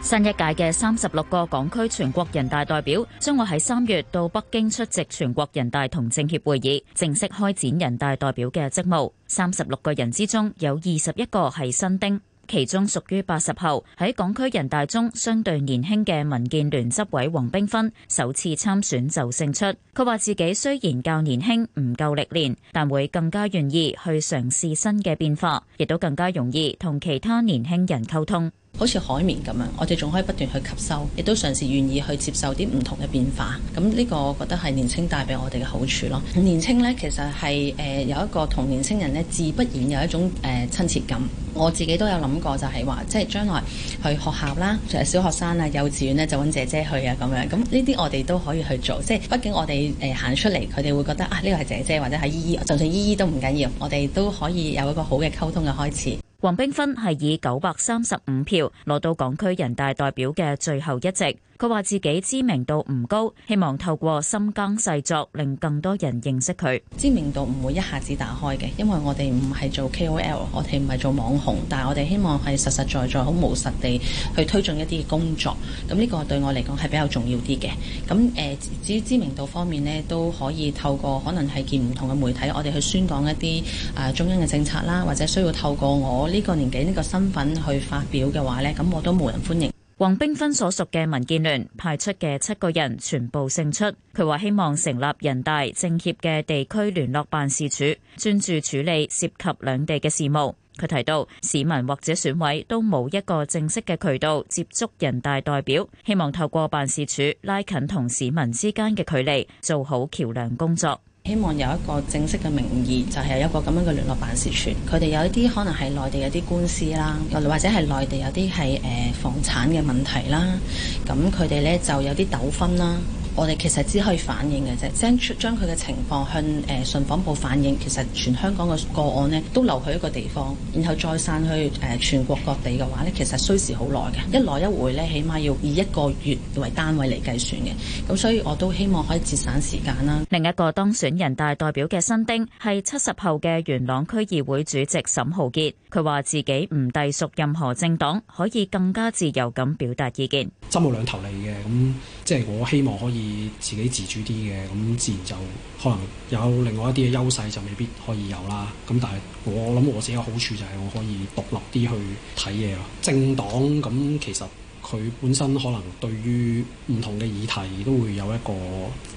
新一屆嘅三十六個港區全國人大代表將會喺三月到北京出席全國人大同政協會議，正式開展人大代表嘅職務。三十六個人之中有二十一個係新丁，其中屬於八十後喺港區人大中相對年輕嘅民建聯執委黃冰芬，首次參選就勝出。佢話自己雖然較年輕唔夠歷練，但會更加願意去嘗試新嘅變化，亦都更加容易同其他年輕人溝通。好似海綿咁樣，我哋仲可以不斷去吸收，亦都嘗試願意去接受啲唔同嘅變化。咁呢個我覺得係年青帶俾我哋嘅好處咯。年青呢，其實係誒有一個同年青人呢，自不然有一種誒、呃、親切感。我自己都有諗過就係話，即係將來去學校啦，誒小學生啊、幼稚園呢，就揾姐姐去啊咁樣。咁呢啲我哋都可以去做。即係畢竟我哋誒行出嚟，佢哋會覺得啊，呢個係姐姐或者係姨姨，就算姨姨都唔緊要，我哋都可以有一個好嘅溝通嘅開始。黃冰芬係以九百三十五票攞到港區人大代表嘅最後一席。佢話自己知名度唔高，希望透過深耕細作，令更多人認識佢。知名度唔會一下子打開嘅，因為我哋唔係做 KOL，我哋唔係做網紅，但係我哋希望係實實在在、好務實地去推進一啲工作。咁呢個對我嚟講係比較重要啲嘅。咁誒，至於知名度方面呢，都可以透過可能係見唔同嘅媒體，我哋去宣講一啲啊中央嘅政策啦，或者需要透過我呢個年紀呢、呢個身份去發表嘅話呢，咁我都無人歡迎。黃冰芬所屬嘅民建聯派出嘅七個人全部勝出。佢話希望成立人大政協嘅地區聯絡辦事處，專注處理涉及兩地嘅事務。佢提到市民或者選委都冇一個正式嘅渠道接觸人大代表，希望透過辦事處拉近同市民之間嘅距離，做好橋樑工作。希望有一個正式嘅名義，就係有一個咁樣嘅聯絡辦事處。佢哋有一啲可能係內地有啲官司啦，或者係內地有啲係誒房產嘅問題啦。咁佢哋呢就有啲糾紛啦。我哋其實只可以反映嘅啫，將佢嘅情況向誒信訪部反映。其實全香港嘅個案咧，都留喺一個地方，然後再散去誒、呃、全國各地嘅話呢，其實需時好耐嘅。一來一回呢，起碼要以一個月為單位嚟計算嘅。咁所以我都希望可以節省時間啦。另一個當選人大代表嘅新丁係七十後嘅元朗區議會主席沈浩傑，佢話自己唔隸屬任何政黨，可以更加自由咁表達意見。針冇兩頭利嘅，咁即係我希望可以。自己自主啲嘅，咁自然就可能有另外一啲嘅優勢，就未必可以有啦。咁但係我諗我自己嘅好處就係我可以獨立啲去睇嘢咯，政黨咁其實。佢本身可能對於唔同嘅議題都會有一個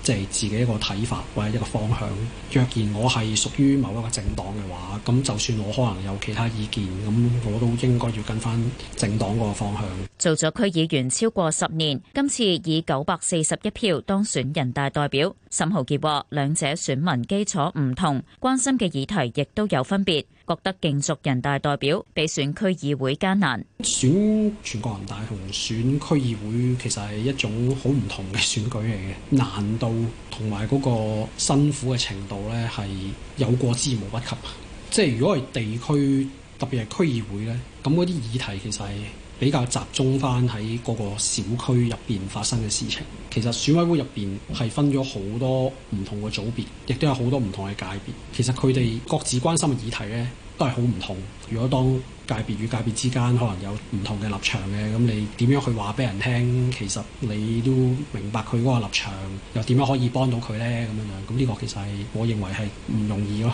即係、就是、自己一個睇法或者一個方向。若然我係屬於某一個政黨嘅話，咁就算我可能有其他意見，咁我都應該要跟翻政黨嗰個方向。做咗區議員超過十年，今次以九百四十一票當選人大代表。沈浩杰話：兩者選民基礎唔同，關心嘅議題亦都有分別。覺得競逐人大代表比選區議會艱難。選全國人大同選區議會其實係一種好唔同嘅選舉嚟嘅，難度同埋嗰個辛苦嘅程度呢係有過之而無不及。即係如果係地區，特別係區議會呢，咁嗰啲議題其實係比較集中翻喺嗰個小區入邊發生嘅事情。其實選委會入邊係分咗好多唔同嘅組別，亦都有好多唔同嘅界別。其實佢哋各自關心嘅議題呢，都係好唔同。如果當界別與界別之間可能有唔同嘅立場嘅，咁你點樣去話俾人聽？其實你都明白佢嗰個立場，又點樣可以幫到佢咧？咁樣樣，咁呢個其實係我認為係唔容易咯。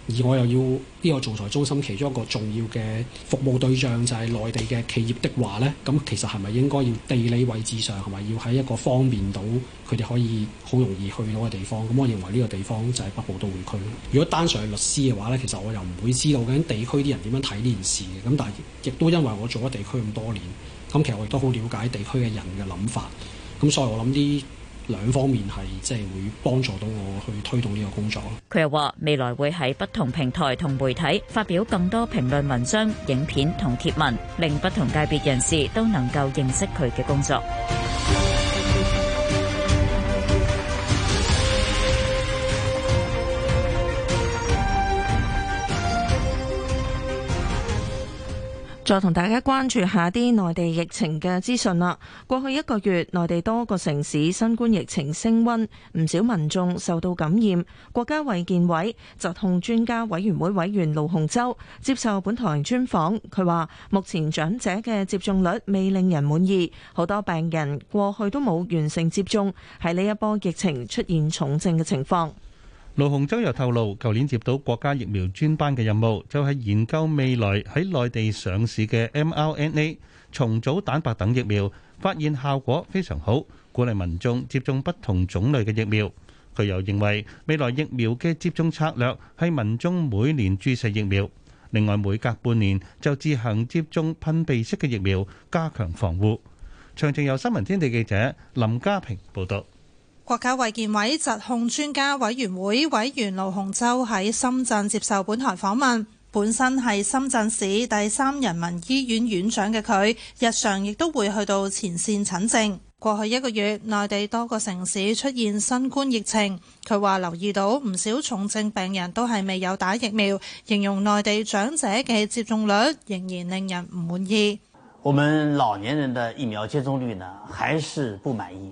而我又要呢個仲裁中心其中一個重要嘅服務對象就係內地嘅企業的話咧，咁其實，係咪應該要地理位置上係咪要喺一個方便到佢哋可以好容易去到嘅地方？咁我認為呢個地方就係北部都會區。如果單純係律師嘅話咧，其實我又唔會知道究竟地區啲人點樣睇呢件事嘅。咁但係亦都因為我做咗地區咁多年，咁其實，我亦都好了解地區嘅人嘅諗法。咁所以我諗啲。兩方面係即係會幫助到我去推動呢個工作。佢又話：未來會喺不同平台同媒體發表更多評論文章、影片同貼文，令不同界別人士都能夠認識佢嘅工作。再同大家關注下啲內地疫情嘅資訊啦。過去一個月，內地多個城市新冠疫情升溫，唔少民眾受到感染。國家衛健委疾控專家委員會委員盧洪洲接受本台專訪，佢話：目前長者嘅接種率未令人滿意，好多病人過去都冇完成接種，喺呢一波疫情出現重症嘅情況。盧洪洲又透露，舊年接到國家疫苗專班嘅任務，就係研究未來喺內地上市嘅 mRNA 重組蛋白等疫苗，發現效果非常好，鼓勵民眾接種不同種類嘅疫苗。佢又認為，未來疫苗嘅接種策略係民眾每年注射疫苗，另外每隔半年就自行接種噴鼻式嘅疫苗，加強防護。詳情由新聞天地記者林家平報道。國家衛健委疾控專家委員會委員盧洪洲喺深圳接受本台訪問。本身係深圳市第三人民醫院院長嘅佢，日常亦都會去到前線診症。過去一個月，內地多個城市出現新冠疫情，佢話留意到唔少重症病人都係未有打疫苗，形容內地長者嘅接種率仍然令人唔滿意。我們老年人的疫苗接種率呢，還是不滿意。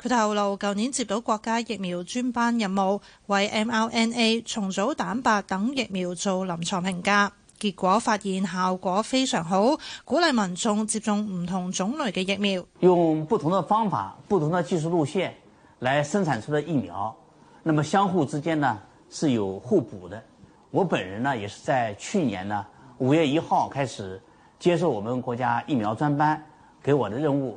佢透露，舊年接到國家疫苗專班任務，為 mRNA 重組蛋白等疫苗做臨床評價，結果發現效果非常好，鼓勵民眾接種唔同種類嘅疫苗。用不同嘅方法、不同嘅技術路線來生產出的疫苗，那麼相互之間呢，是有互補的。我本人呢也是在去年呢五月一號開始接受我們國家疫苗專班給我的任務。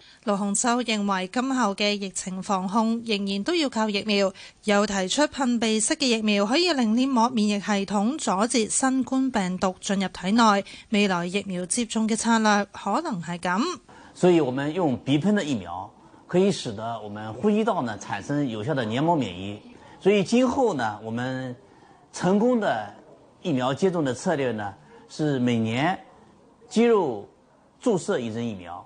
盧洪洲認為今後嘅疫情防控仍然都要靠疫苗，又提出噴鼻式嘅疫苗可以令黏膜免疫系統阻截新冠病毒進入體內，未來疫苗接種嘅策略可能係咁。所以我們用鼻噴嘅疫苗可以使得我們呼吸道呢產生有效的黏膜免疫，所以今後呢我們成功嘅疫苗接種嘅策略呢是每年肌肉注射一針疫苗。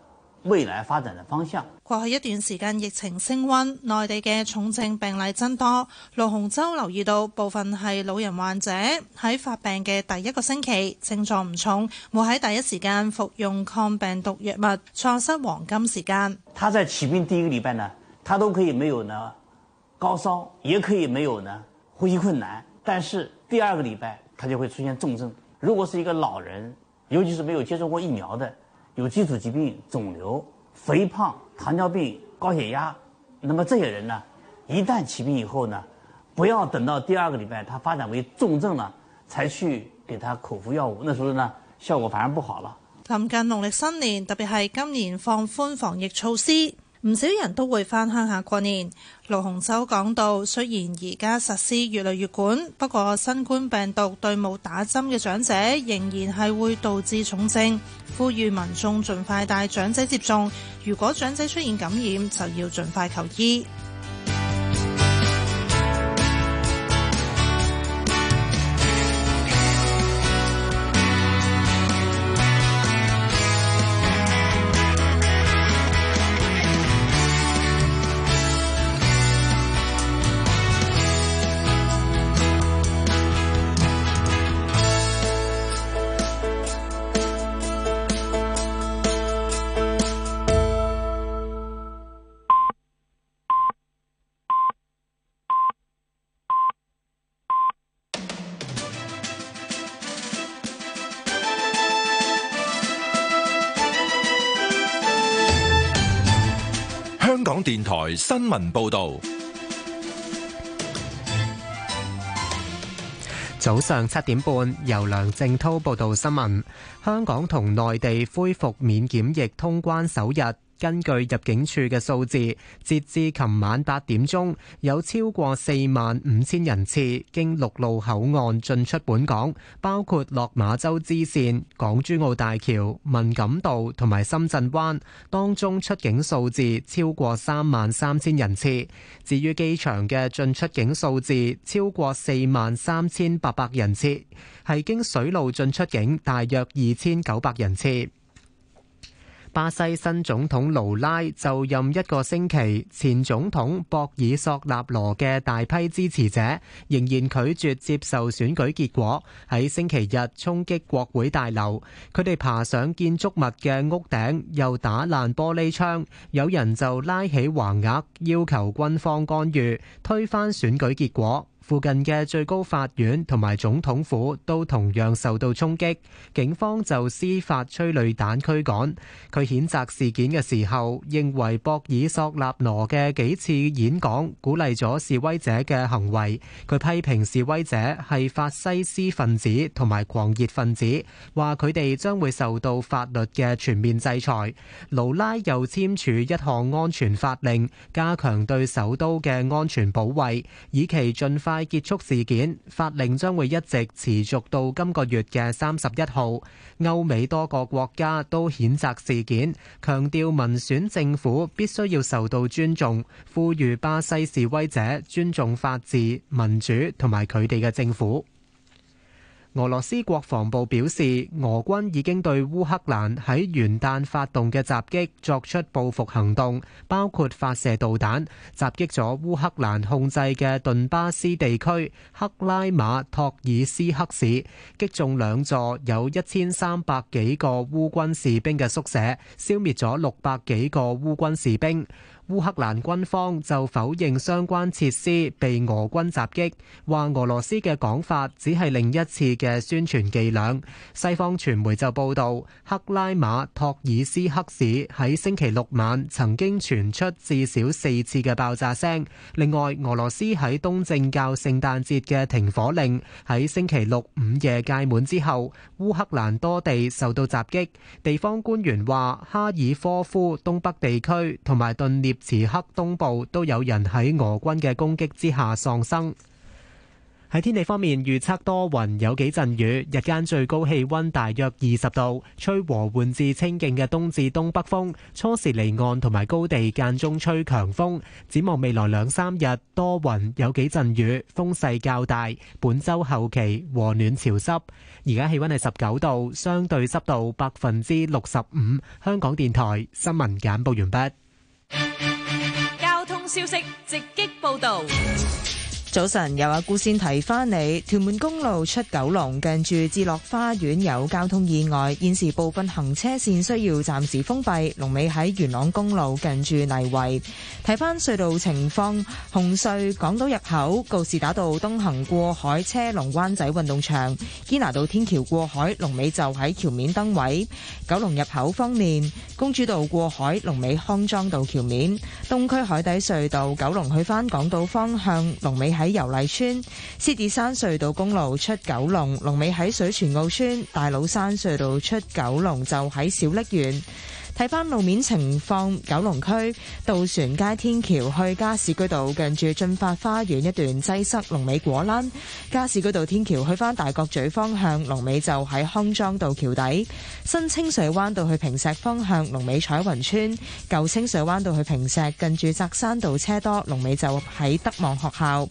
未來發展的方向。過去一段時間疫情升溫，內地嘅重症病例增多。盧洪洲留意到部分係老人患者喺發病嘅第一個星期症狀唔重，冇喺第一時間服用抗病毒藥物，錯失黃金時間。他在起病第一個禮拜呢，他都可以沒有呢高燒，也可以沒有呢呼吸困難，但是第二個禮拜他就會出現重症。如果是一個老人，尤其是沒有接受過疫苗的。有基礎疾病、腫瘤、肥胖、糖尿病、高血壓，那麼這些人呢，一旦起病以後呢，不要等到第二個禮拜，他發展為重症了，才去給他口服藥物，那時候呢，效果反而不好了。臨近農曆新年，特別是今年放寬防疫措施。唔少人都會返鄉下過年。盧洪洲講到，雖然而家實施越嚟越管，不過新冠病毒對冇打針嘅長者仍然係會導致重症，呼籲民眾盡快帶長者接種。如果長者出現感染，就要盡快求醫。台新聞報道，早上七點半由梁正濤報道新聞。香港同內地恢復免檢疫通關首日。根據入境處嘅數字，截至琴晚八點鐘，有超過四萬五千人次經陸路口岸進出本港，包括落馬洲支線、港珠澳大橋、文錦渡同埋深圳灣。當中出境數字超過三萬三千人次，至於機場嘅進出境數字超過四萬三千八百人次，係經水路進出境大約二千九百人次。巴西新總統盧拉就任一個星期，前總統博爾索納羅嘅大批支持者仍然拒絕接受選舉結果，喺星期日衝擊國會大樓。佢哋爬上建築物嘅屋頂，又打爛玻璃窗，有人就拉起橫額要求軍方干預推翻選舉結果。附近嘅最高法院同埋總統府都同樣受到衝擊，警方就司法催淚彈驅趕，佢譴責事件嘅時候，認為博爾索納羅嘅幾次演講鼓勵咗示威者嘅行為，佢批評示威者係法西斯分子同埋狂熱分子，話佢哋將會受到法律嘅全面制裁。盧拉又簽署一項安全法令，加強對首都嘅安全保衛，以其進化。快結束事件，法令將會一直持續到今個月嘅三十一號。歐美多個國家都譴責事件，強調民選政府必須要受到尊重，呼籲巴西示威者尊重法治、民主同埋佢哋嘅政府。俄羅斯國防部表示，俄軍已經對烏克蘭喺元旦發動嘅襲擊作出報復行動，包括發射導彈、襲擊咗烏克蘭控制嘅頓巴斯地區克拉馬托爾斯克市，擊中兩座有一千三百幾個烏軍士兵嘅宿舍，消滅咗六百幾個烏軍士兵。烏克蘭軍方就否認相關設施被俄軍襲擊，話俄羅斯嘅講法只係另一次嘅宣傳伎倆。西方傳媒就報道，克拉馬托爾斯克市喺星期六晚曾經傳出至少四次嘅爆炸聲。另外，俄羅斯喺東正教聖誕節嘅停火令喺星期六午夜屆滿之後，烏克蘭多地受到襲擊。地方官員話，哈爾科夫東北地區同埋頓涅。時刻東部都有人喺俄軍嘅攻擊之下喪生。喺天氣方面，預測多雲有幾陣雨，日間最高氣温大約二十度，吹和緩至清勁嘅東至東北風。初時離岸同埋高地間中吹強風。展望未來兩三日多雲有幾陣雨，風勢較大。本週後期和暖潮濕。而家氣温係十九度，相對濕度百分之六十五。香港電台新聞簡報完畢。消息直擊報導。早晨，由阿姑先提翻你，屯門公路出九龍近住置樂花園有交通意外，現時部分行車線需要暫時封閉，龍尾喺元朗公路近住泥圍。睇翻隧道情況，紅隧港島入口告士打道東行過海車龍灣仔運動場堅拿道天橋過海，龍尾就喺橋面燈位。九龍入口方面，公主道過海龍尾康莊道橋面，東區海底隧道九龍去返港島方向龍尾。喺油荔村獅子山隧道公路出九龍，龍尾喺水泉澳村；大老山隧道出九龍就喺小瀝源。睇翻路面情況，九龍區渡船街天橋去加士居道，近住駿發花園一段擠塞，龍尾果欄；加士居道天橋去翻大角咀方向，龍尾就喺康莊道橋底；新清水灣道去坪石方向，龍尾彩雲村；舊清水灣道去坪石，近住扎山道車多，龍尾就喺德望學校。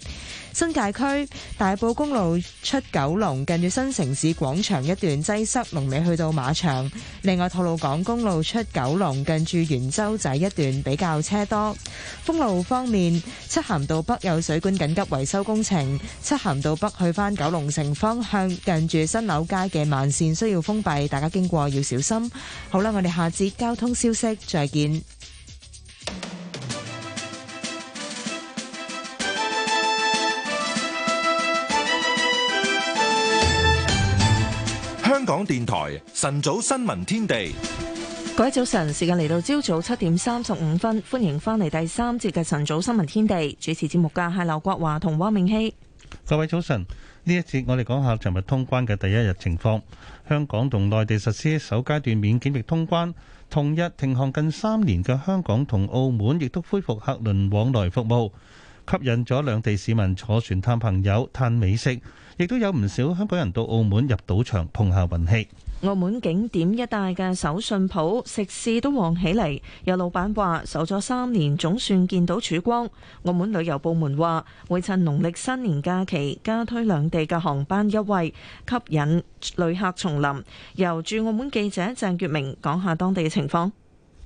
新界區大埔公路出九龍近住新城市廣場一段擠塞，龍尾去到馬場。另外，吐露港公路出九龍近住元洲仔一段比較車多。封路方面，漆咸道北有水管緊急維修工程，漆咸道北去返九龍城方向近住新樓街嘅慢線需要封閉，大家經過要小心。好啦，我哋下節交通消息，再見。電台晨早新聞天地，各位早晨，時間嚟到朝早七點三十五分，歡迎翻嚟第三節嘅晨早新聞天地。主持節目嘅係劉國華同汪明希。各位早晨，呢一節我哋講下尋日通關嘅第一日情況。香港同內地實施首階段免檢疫通關，同日停航近三年嘅香港同澳門亦都恢復客輪往來服務，吸引咗兩地市民坐船探朋友、探美食。亦都有唔少香港人到澳門入賭場碰下運氣。澳門景點一帶嘅手信鋪食肆都旺起嚟，有老闆話守咗三年，總算見到曙光。澳門旅遊部門話會趁農曆新年假期加推兩地嘅航班優惠，吸引旅客重臨。由駐澳門記者鄭月明講下當地嘅情況。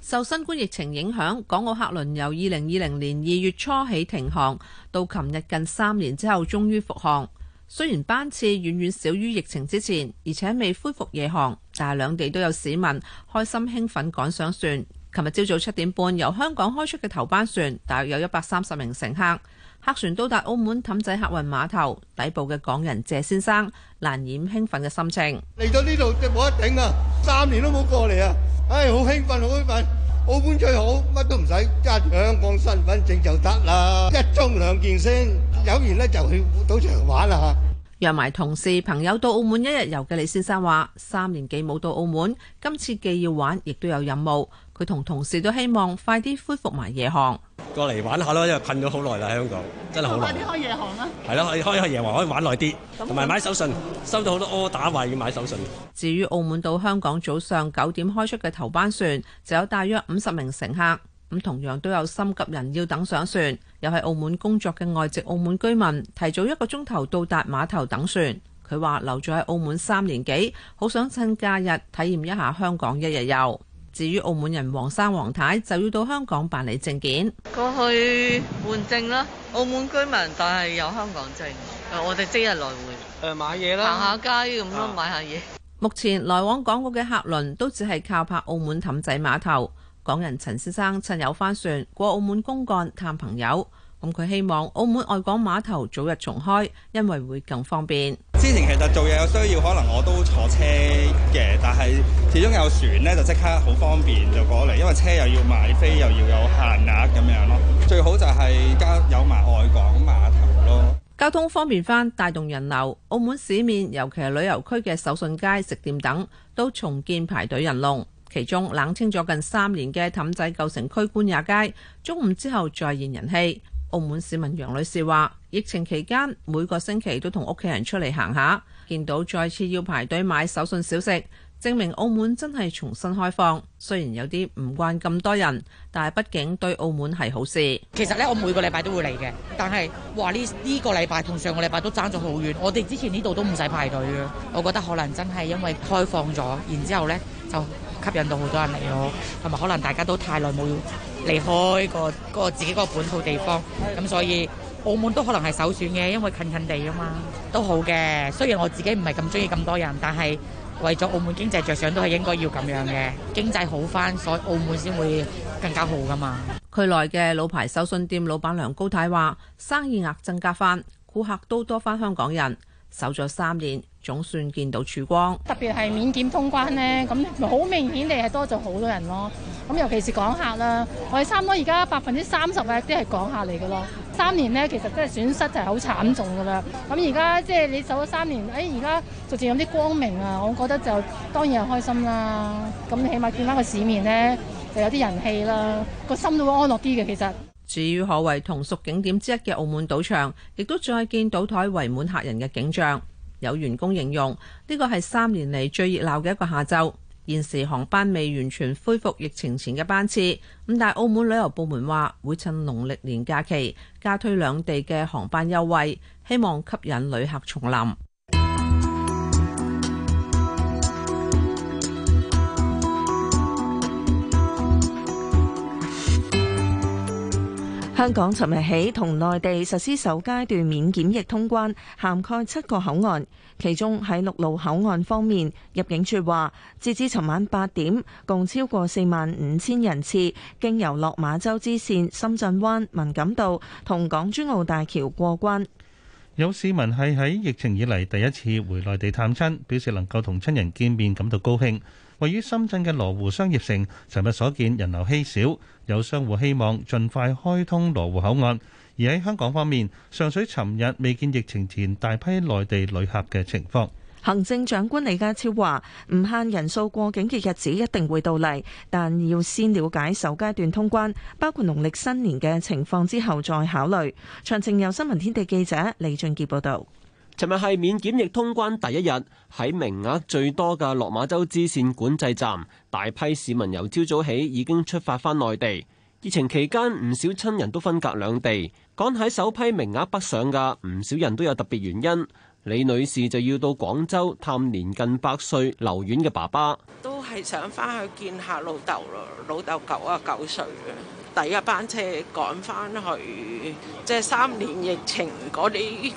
受新冠疫情影響，港澳客輪由二零二零年二月初起停航，到琴日近三年之後終於復航。雖然班次遠遠少於疫情之前，而且未恢復夜航，但係兩地都有市民開心興奮趕上船。琴日朝早七點半由香港開出嘅頭班船，大約有一百三十名乘客。客船到達澳門氹仔客運碼頭，抵埗嘅港人謝先生難掩興奮嘅心情：嚟到呢度就冇得頂啊！三年都冇過嚟啊！唉，好興奮，好興奮。澳門最好，乜都唔使揸住香港身份證就得啦。一盅兩件先，有完呢就去賭場玩啦吓。約埋同事朋友到澳門一日遊嘅李先生話：三年幾冇到澳門，今次既要玩，亦都有任務。佢同同事都希望快啲恢復埋夜航，過嚟玩下咯，因為困咗好耐啦。香港真係好忙，快啲開夜航啦！係咯，可以開下夜航，可以玩耐啲，同埋買手信，收到好多柯打話要買手信。至於澳門到香港早上九點開出嘅頭班船，就有大約五十名乘客咁，同樣都有心急人要等上船。又係澳門工作嘅外籍澳門居民提早一個鐘頭到達碼頭等船。佢話留咗喺澳門三年幾，好想趁假日體驗一下香港一日遊。至於澳門人黃生黃太就要到香港辦理證件，過去換證啦。澳門居民但係有香港證，我哋即日來回。誒買嘢啦，行下街咁咯，買，逛逛買下嘢。啊。目前來往港澳嘅客輪都只係靠泊澳門氹仔碼頭。港人陳先生趁有翻船過澳門公幹探朋友，咁佢希望澳門外港碼頭早日重開，因為會更方便。之前其實做嘢有需要，可能我都坐車嘅，但係始終有船呢，就即刻好方便就過嚟，因為車又要買飛又要有限額咁樣咯。最好就係交有埋外港碼頭咯，交通方便翻，帶動人流。澳門市面，尤其係旅遊區嘅手信街、食店等都重建排隊人龍。其中冷清咗近三年嘅氹仔舊城區官也街，中午之後再現人氣。澳門市民楊女士話：疫情期間每個星期都同屋企人出嚟行下，見到再次要排隊買手信小食，證明澳門真係重新開放。雖然有啲唔慣咁多人，但係畢竟對澳門係好事。其實呢，我每個禮拜都會嚟嘅，但係話呢呢個禮拜同上個禮拜都爭咗好遠。我哋之前呢度都唔使排隊嘅，我覺得可能真係因為開放咗，然之後咧就吸引到好多人嚟咯，同埋可能大家都太耐冇。離開個個自己個本土地方咁，所以澳門都可能係首選嘅，因為近近地啊嘛，都好嘅。雖然我自己唔係咁鍾意咁多人，但係為咗澳門經濟着想，都係應該要咁樣嘅，經濟好返，所以澳門先會更加好㗎嘛。區內嘅老牌手信店老闆娘高太話：生意額增加返，顧客都多返香港人。守咗三年，總算見到曙光。特別係免檢通關咧，咁好明顯地係多咗好多人咯。咁尤其是港客啦，我哋差唔多而家百分之三十嘅都係港客嚟噶咯。三年咧，其實真係損失就係好慘重噶啦。咁而家即係你守咗三年，哎，而家逐漸有啲光明啊！我覺得就當然係開心啦。咁你起碼見翻個市面咧，就有啲人氣啦，個心都會安樂啲嘅。其實。至於可謂同屬景點之一嘅澳門賭場，亦都再見賭檯圍滿客人嘅景象。有員工形容呢個係三年嚟，最熱鬧嘅一個下晝。現時航班未完全恢復疫情前嘅班次，咁但澳門旅遊部門話會趁農曆年假期加推兩地嘅航班優惠，希望吸引旅客重臨。香港尋日起同內地實施首階段免檢疫通關，涵蓋七個口岸。其中喺陸路口岸方面，入境處話，截至尋晚八點，共超過四萬五千人次經由落馬洲支線、深圳灣文錦渡同港珠澳大橋過關。有市民係喺疫情以嚟第一次回內地探親，表示能夠同親人見面，感到高興。位於深圳嘅羅湖商業城，尋日所見人流稀少，有商戶希望盡快開通羅湖口岸。而喺香港方面，上水尋日未見疫情前大批內地旅客嘅情況。行政長官李家超話：唔限人數過境嘅日子一定會到嚟，但要先了解首階段通關，包括農曆新年嘅情況之後再考慮。詳情由新聞天地記者李俊傑報導。尋日係免檢疫通關第一日，喺名額最多嘅落馬洲支線管制站，大批市民由朝早起已經出發返內地。疫情期間唔少親人都分隔兩地，趕喺首批名額北上嘅唔少人都有特別原因。李女士就要到廣州探年近百歲留院嘅爸爸，都係想翻去見下老豆咯。老豆九啊九歲啊，第一班車趕返去，即係三年疫情嗰啲。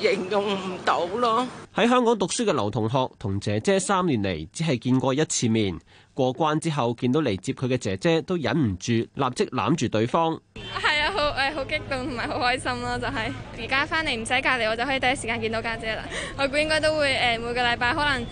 形容唔到咯！喺香港讀書嘅劉同學同姐姐三年嚟只係見過一次面。過關之後見到嚟接佢嘅姐姐，都忍唔住立即攬住對方。係啊，好誒，好、呃、激動同埋好開心咯，啊！就係而家翻嚟唔使隔離，我就可以第一時間見到家姐啦。我估應該都會誒每個禮拜可能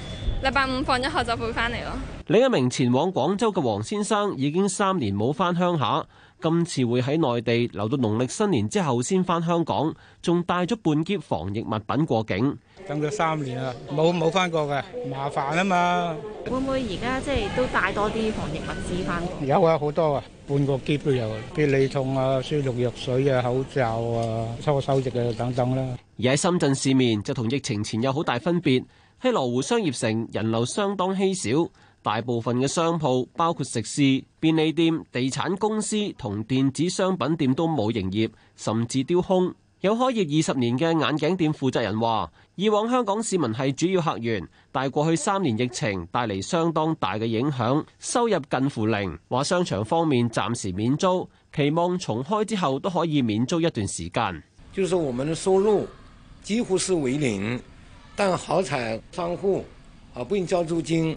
禮拜五放咗學就會翻嚟咯。另一名前往廣州嘅黃先生已經三年冇翻鄉下。今次會喺內地留到農曆新年之後先返香港，仲帶咗半喼防疫物品過境。等咗三年啊，冇冇返過嘅，麻煩啊嘛。會唔會而家即係都帶多啲防疫物資返？有啊，好多啊，半個喼都有，必理痛啊、消毒藥水啊、口罩啊、搓手液啊等等啦。而喺深圳市面就同疫情前有好大分別，喺羅湖商業城人流相當稀少。大部分嘅商鋪，包括食肆、便利店、地產公司同電子商品店都冇營業，甚至丟空。有開業二十年嘅眼鏡店負責人話：以往香港市民係主要客源，但過去三年疫情帶嚟相當大嘅影響，收入近乎零。話商場方面暫時免租，期望重開之後都可以免租一段時間。就是我們的收入幾乎是為零，但好彩商戶啊不用交租金。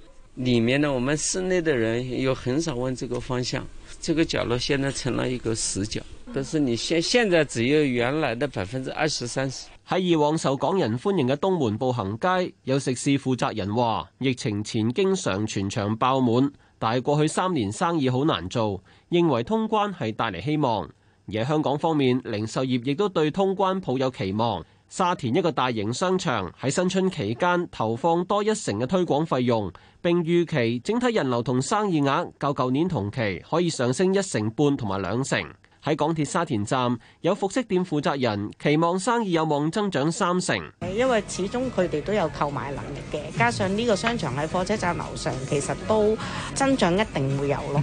裏面呢，我們室內的人又很少問這個方向，這個角落現在成了一個死角。但是你現現在只有原來的百分之二十三十。喺以往受港人歡迎嘅東門步行街，有食肆負責人話，疫情前經常全場爆滿，但係過去三年生意好難做，認為通關係帶嚟希望。而香港方面，零售業亦都對通關抱有期望。沙田一個大型商場喺新春期間投放多一成嘅推廣費用，並預期整體人流同生意額較舊年同期可以上升一成半同埋兩成。喺港鐵沙田站有服飾店負責人期望生意有望增長三成，因為始終佢哋都有購買能力嘅，加上呢個商場喺火車站樓上，其實都增長一定會有咯。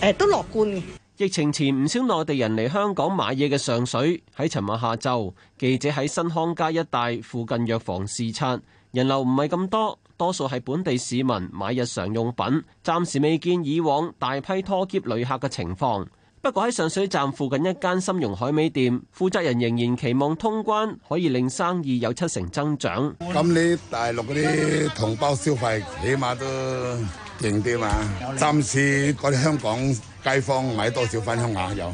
誒，都樂觀。疫情前唔少內地人嚟香港買嘢嘅上水，喺尋日下晝，記者喺新康街一帶附近藥房視察，人流唔係咁多，多數係本地市民買日常用品，暫時未見以往大批拖喼旅客嘅情況。不過喺上水站附近一間參茸海味店，負責人仍然期望通關可以令生意有七成增長。咁你大陸嗰啲同胞消費，起碼都。勁啲嘛！暫時嗰啲香港街坊買多少翻香港有，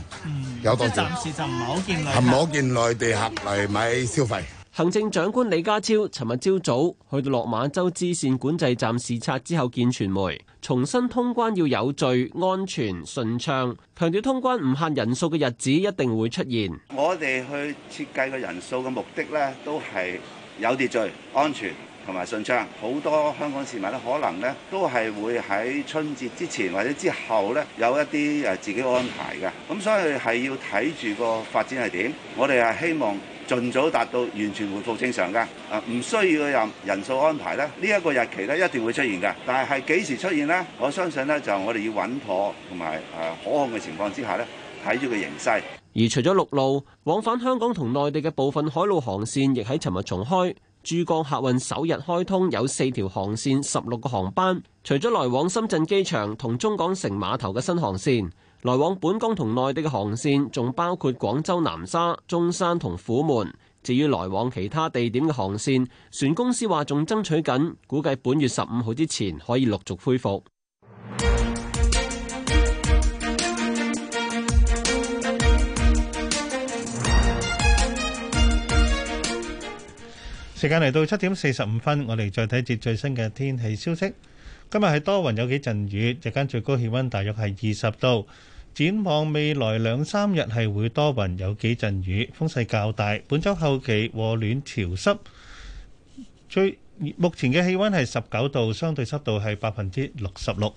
有多少？暫時就唔好見內，唔好見內地客嚟買消費。行政長官李家超尋日朝早去到落馬洲支線管制站視察之後見傳媒，重新通關要有序、安全、順暢，強調通關唔限人數嘅日子一定會出現。我哋去設計個人數嘅目的呢，都係有秩序、安全，同埋順暢，好多香港市民呢，可能呢都係會喺春節之前或者之後呢有一啲誒自己安排嘅。咁所以係要睇住個發展係點。我哋係希望盡早達到完全回復正常嘅，唔需要任人，人數安排啦。呢、這、一個日期呢，一定會出現嘅，但係係幾時出現呢？我相信呢，就我哋要穩妥同埋誒可控嘅情況之下呢，睇住個形勢。而除咗陸路往返香港同內地嘅部分海路航線，亦喺尋日重開。珠江客運首日開通有四條航線，十六個航班。除咗來往深圳機場同中港城碼頭嘅新航線，來往本港同內地嘅航線仲包括廣州南沙、中山同虎門。至於來往其他地點嘅航線，船公司話仲爭取緊，估計本月十五號之前可以陸續恢復。時間嚟到七點四十五分，我哋再睇一節最新嘅天氣消息。今日係多雲有幾陣雨，日間最高氣溫大約係二十度。展望未來兩三日係會多雲有幾陣雨，風勢較大。本周後期和暖潮濕。最目前嘅氣溫係十九度，相對濕度係百分之六十六。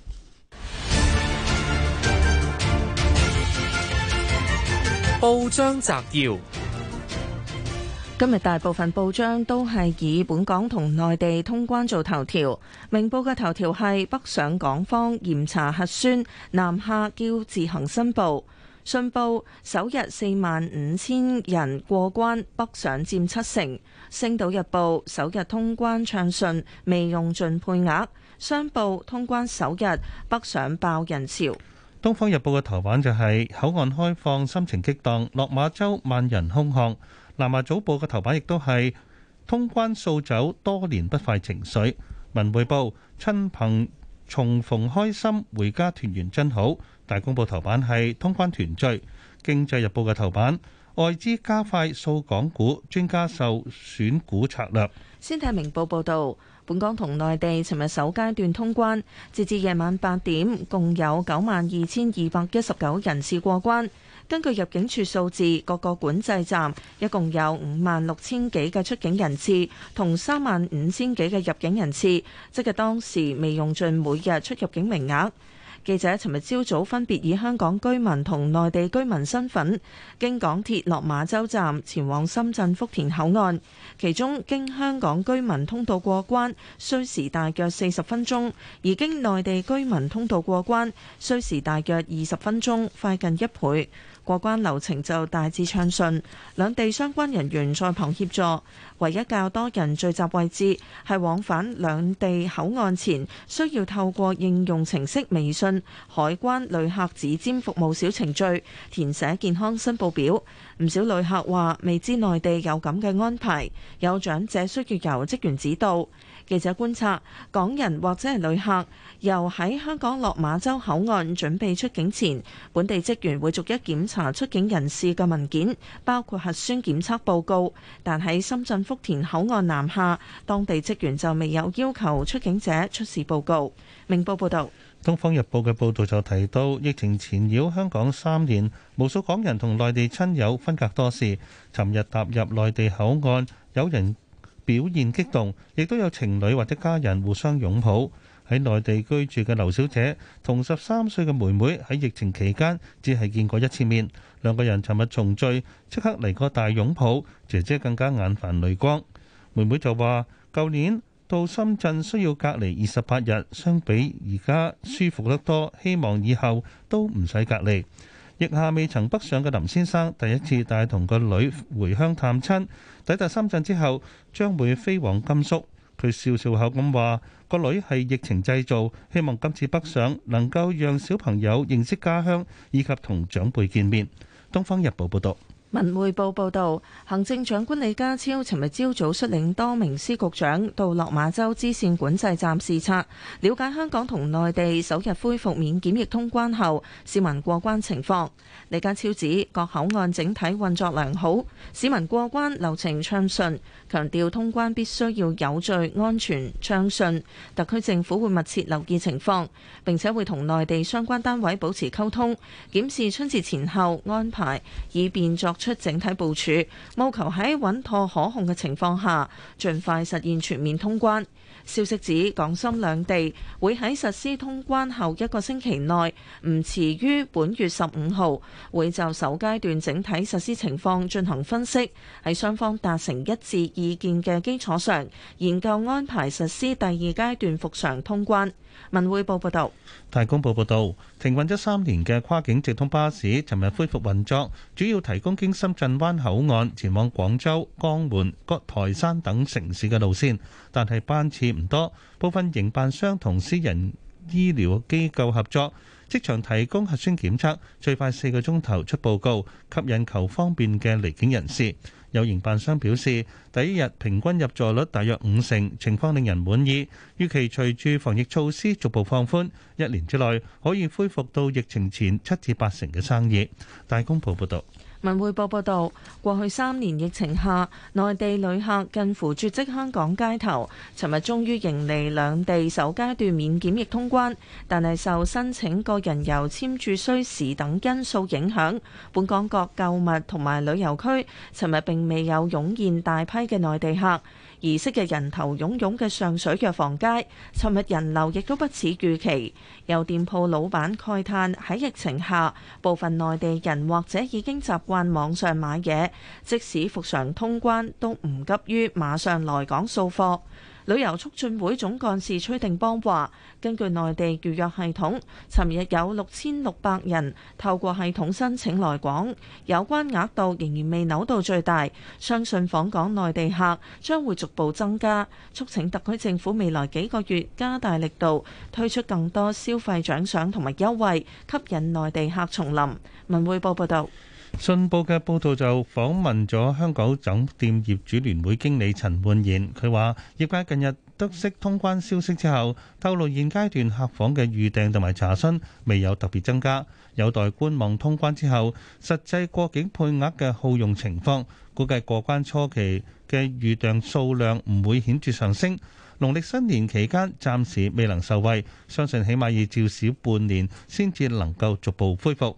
報章摘要。今日大部分報章都係以本港同內地通關做頭條。明報嘅頭條係北上港方嚴查核酸，南下叫自行申報。信報首日四萬五千人過關，北上佔七成。星島日報首日通關暢順，未用盡配額。商報通關首日北上爆人潮。東方日報嘅頭版就係、是、口岸開放，心情激蕩，落馬洲萬人空巷。南華早報嘅頭版亦都係通關掃走多年不快情緒。文匯報親朋重逢開心回家團圓真好。大公報頭版係通關團聚。經濟日報嘅頭版外資加快掃港股，專家受選股策略。先睇明報報道，本港同內地尋日首階段通關，截至夜晚八點，共有九萬二千二百一十九人次過關。根據入境處數字，各個管制站一共有五萬六千幾嘅出境人次，同三萬五千幾嘅入境人次，即係當時未用盡每日出入境名額。記者尋日朝早分別以香港居民同內地居民身份，經港鐵落馬洲站前往深圳福田口岸，其中經香港居民通道過關需時大約四十分鐘，而經內地居民通道過關需時大約二十分鐘，快近一倍。過關流程就大致暢順，兩地相關人員在旁協助。唯一較多人聚集位置係往返兩地口岸前，需要透過應用程式微信海關旅客指尖服務小程序填寫健康申報表。唔少旅客話未知內地有咁嘅安排，有長者需要由職員指導。記者觀察，港人或者係旅客，由喺香港落馬洲口岸準備出境前，本地職員會逐一檢查出境人士嘅文件，包括核酸檢測報告。但喺深圳福田口岸南下，當地職員就未有要求出境者出示報告。明報報道。《東方日報》嘅報導就提到，疫情纏繞香港三年，無數港人同內地親友分隔多時。尋日踏入內地口岸，有人，表現激動，亦都有情侶或者家人互相擁抱。喺內地居住嘅劉小姐同十三歲嘅妹妹喺疫情期間只係見過一次面，兩個人尋日重聚，即刻嚟個大擁抱，姐姐更加眼泛淚光。妹妹就話：舊年到深圳需要隔離二十八日，相比而家舒服得多，希望以後都唔使隔離。疫下未曾北上嘅林先生，第一次帶同個女回鄉探親。抵達深圳之後，將會飛往甘肅。佢笑笑口咁話：個女係疫情製造，希望今次北上能夠讓小朋友認識家鄉，以及同長輩見面。《東方日報》報道。文匯報報道，行政長官李家超尋日朝早率領多名司局長到落馬洲支綫管制站視察，了解香港同內地首日恢復免檢疫通關後市民過關情況。李家超指各口岸整體運作良好，市民過關流程暢順，強調通關必須要有序、安全、暢順。特區政府會密切留意情況，並且會同內地相關單位保持溝通，檢視春節前後安排，以便作出整體部署，務求喺穩妥可控嘅情況下，盡快實現全面通關。消息指，港深兩地會喺實施通關後一個星期內，唔遲於本月十五號，會就首階段整體實施情況進行分析，喺雙方達成一致意見嘅基礎上，研究安排實施第二階段復常通關。文匯報報道，大公報報道，停運咗三年嘅跨境直通巴士，尋日恢復運作，主要提供經深圳灣口岸前往廣州、江門、各台山等城市嘅路線，但係班次唔多。部分營辦商同私人醫療機構合作，即場提供核酸檢測，最快四個鐘頭出報告，吸引求方便嘅離境人士。有營辦商表示，第一日平均入座率大約五成，情況令人滿意。預期隨住防疫措施逐步放寬，一年之內可以恢復到疫情前七至八成嘅生意。大公報報道。文匯報報道，過去三年疫情下，內地旅客近乎絕迹香港街頭。尋日終於迎嚟兩地首階段免檢疫通關，但係受申請個人遊簽注需時等因素影響，本港各購物同埋旅遊區尋日並未有湧現大批嘅內地客。儀式嘅人頭湧湧嘅上水藥房街，尋日人流亦都不似預期。有店鋪老闆慨嘆，喺疫情下，部分內地人或者已經習慣網上買嘢，即使復常通關，都唔急於馬上來港掃貨。旅遊促進會總幹事崔定邦話：根據內地預約系統，尋日有六千六百人透過系統申請來港，有關額度仍然未扭到最大，相信訪港內地客將會逐步增加，促請特區政府未來幾個月加大力度推出更多消費獎賞同埋優惠，吸引內地客重臨。文匯報報道。信報嘅報道就訪問咗香港酒店業主聯會經理陳冠賢，佢話：業界近日得悉通關消息之後，透露現階段客房嘅預訂同埋查詢未有特別增加，有待觀望通關之後實際過境配額嘅耗用情況。估計過關初期嘅預訂數量唔會顯著上升，農曆新年期間暫時未能受惠，相信起碼要至少半年先至能夠逐步恢復。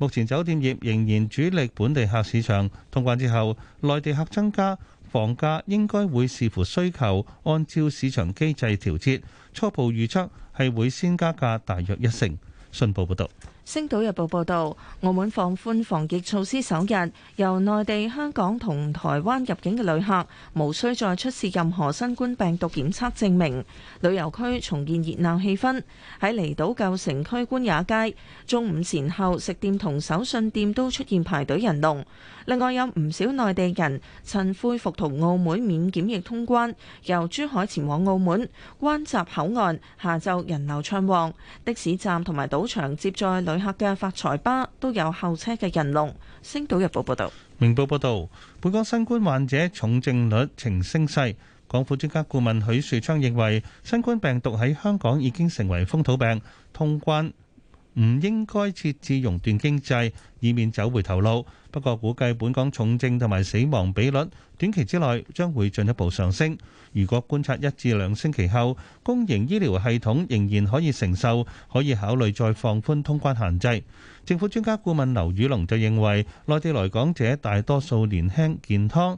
目前酒店業仍然主力本地客市場，通關之後，內地客增加，房價應該會視乎需求，按照市場機制調節，初步預測係會先加價大約一成。信報報道。星島日報報導，澳門放寬防疫措施首日，由內地、香港同台灣入境嘅旅客無需再出示任何新冠病毒檢測證明。旅遊區重現熱鬧氣氛，喺離島舊城區官也街，中午前後食店同手信店都出現排隊人龍。另外有唔少內地人趁恢復同澳門免檢疫通關，由珠海前往澳門關閘口岸，下晝人流暢旺，的士站同埋賭場接載旅客嘅發財巴都有候車嘅人龍。星島日報報道，明報報道，本港新冠患者重症率呈升勢。港府專家顧問許樹昌認為，新冠病毒喺香港已經成為風土病，通關唔應該設置熔斷經濟，以免走回頭路。不過估計，本港重症同埋死亡比率短期之內將會進一步上升。如果觀察一至兩星期後，公營醫療系統仍然可以承受，可以考慮再放寬通關限制。政府專家顧問劉宇龍就認為，內地來港者大多數年輕健康，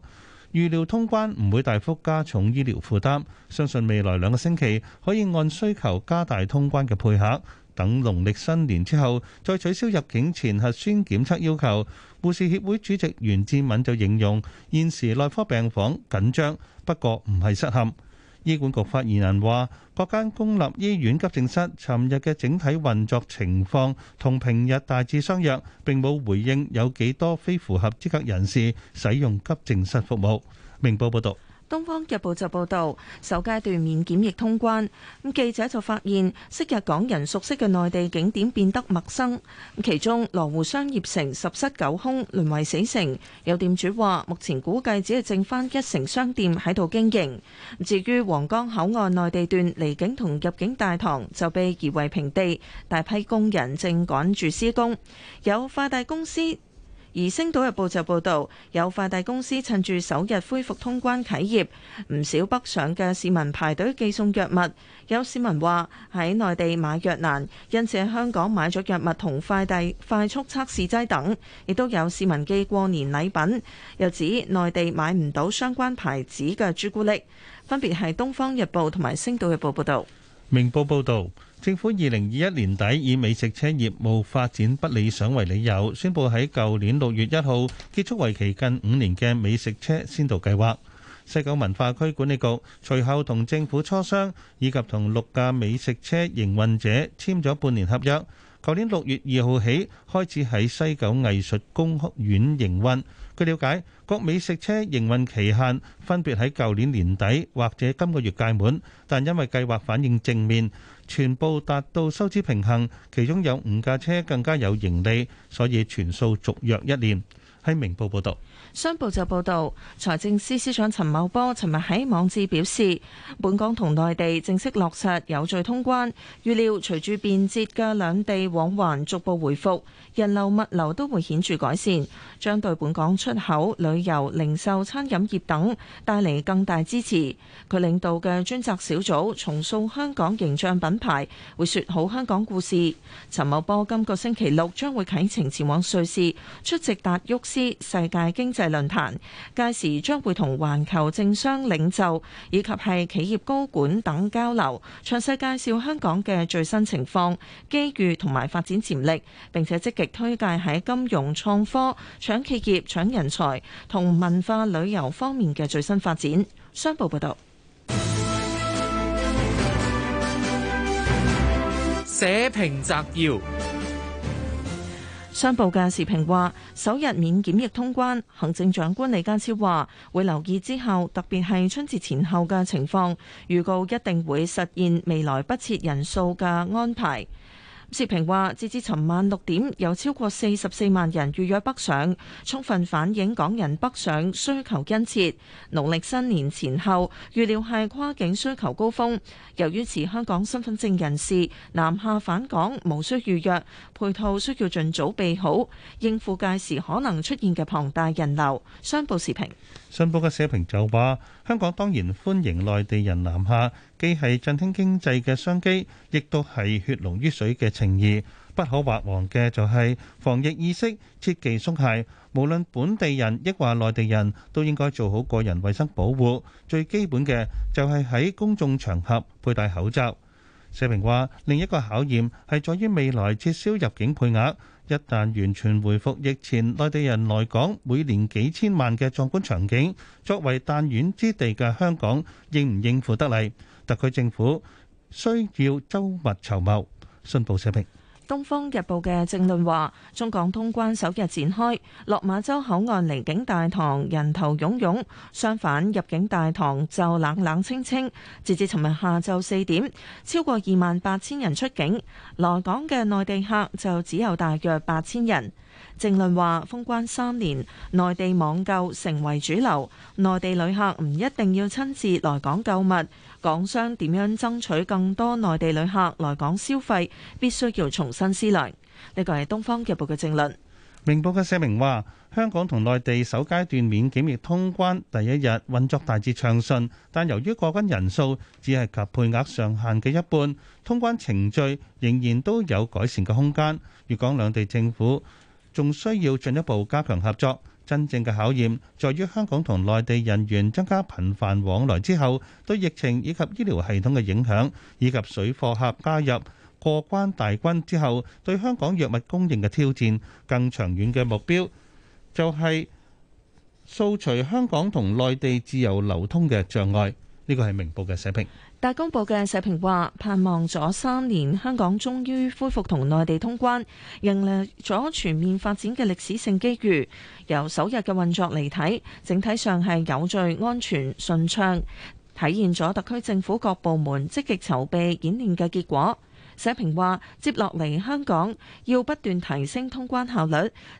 預料通關唔會大幅加重醫療負擔。相信未來兩個星期可以按需求加大通關嘅配額，等農曆新年之後再取消入境前核酸檢測要求。護士協會主席袁志敏就形容現時內科病房緊張，不過唔係失陷。醫管局發言人話：各間公立醫院急症室尋日嘅整體運作情況同平日大致相若，並冇回應有幾多非符合資格人士使用急症室服務。明報報道。《東方日報》就報道，首階段免檢疫通關，咁記者就發現，昔日港人熟悉嘅內地景點變得陌生。其中，羅湖商業城十室九空，淪為死城。有店主話，目前估計只係剩返一成商店喺度經營。至於皇崗口岸內地段離境同入境大堂就被夷為平地，大批工人正趕住施工。有快遞公司。而《星島日報》就報導，有快遞公司趁住首日恢復通關企業，唔少北上嘅市民排隊寄送藥物。有市民話喺內地買藥難，因此喺香港買咗藥物同快遞快速測試劑等。亦都有市民寄過年禮品，又指內地買唔到相關牌子嘅朱古力，分別係《東方日報》同埋《星島日報》報導。明報報導。政府二零二一年底以美食車業務發展不理想為理由，宣布喺舊年六月一號結束為期近五年嘅美食車先導計劃，西九文化區管理局隨後同政府磋商，以及同六架美食車營運者簽咗半年合約，舊年六月二號起開始喺西九藝術公園營運。據了解，各美食車營運期限分別喺舊年年底或者今個月屆滿，但因為計劃反應正面，全部達到收支平衡，其中有五架車更加有盈利，所以全數續約一年。喺明報報道。商報就報導，財政司司長陳茂波尋日喺網誌表示，本港同內地正式落實有序通關，預料隨住便捷嘅兩地往還逐步回復，人流物流都會顯著改善，將對本港出口、旅遊、零售、餐飲業等帶嚟更大支持。佢領導嘅專責小組重塑香港形象品牌，會説好香港故事。陳茂波今個星期六將會啟程前往瑞士出席達沃斯世界經濟嘅論壇，屆時將會同環球政商領袖以及係企業高管等交流，詳細介紹香港嘅最新情況、機遇同埋發展潛力，並且積極推介喺金融、創科、搶企業、搶人才同文化旅遊方面嘅最新發展。商報報道。社評摘要。商報嘅時評話：首日免檢疫通關，行政長官李家超話會留意之後，特別係春節前後嘅情況，預告一定會實現未來不設人數嘅安排。時評話，截至尋晚六點，有超過四十四萬人預約北上，充分反映港人北上需求殷切。農曆新年前後預料係跨境需求高峰。由於持香港身份證人士南下返港無需預約，配套需要盡早備好，應付屆時可能出現嘅龐大人流。商報時評。信報嘅社評就話：香港當然歡迎內地人南下，既係振興經濟嘅商機，亦都係血濃於水嘅情誼。不可或忘嘅就係防疫意識切忌鬆懈，無論本地人抑或內地人都應該做好個人衞生保護。最基本嘅就係喺公眾場合佩戴口罩。社評話：另一個考驗係在於未來撤銷入境配額。一旦完全回復疫前，內地人來港每年幾千萬嘅壯觀場景，作為彈丸之地嘅香港，應唔應付得嚟？特區政府需要周密籌謀。信報社評。《東方日報》嘅政論話：中港通關首日展開，落馬洲口岸離境大堂人頭湧湧，相反入境大堂就冷冷清清。截至尋日下晝四點，超過二萬八千人出境，來港嘅內地客就只有大約八千人。政論話，封關三年，內地網購成為主流，內地旅客唔一定要親自來港購物，港商點樣爭取更多內地旅客來港消費，必須要重新思量。呢個係東方日報嘅政論。明報嘅社評話，香港同內地首階段免檢疫通關第一日運作大致暢順，但由於過關人數只係及配額上限嘅一半，通關程序仍然都有改善嘅空間。粵港兩地政府，仲需要進一步加強合作。真正嘅考驗，在於香港同內地人員增加頻繁往來之後，對疫情以及醫療系統嘅影響，以及水貨客加入過關大軍之後，對香港藥物供應嘅挑戰。更長遠嘅目標就係掃除香港同內地自由流通嘅障礙。呢個係明報嘅社評。大公報嘅社評話：盼望咗三年，香港終於恢復同內地通關，迎嚟咗全面發展嘅歷史性機遇。由首日嘅運作嚟睇，整體上係有序、安全、順暢，體現咗特區政府各部門積極籌備、演練嘅結果。社評話：接落嚟，香港要不斷提升通關效率，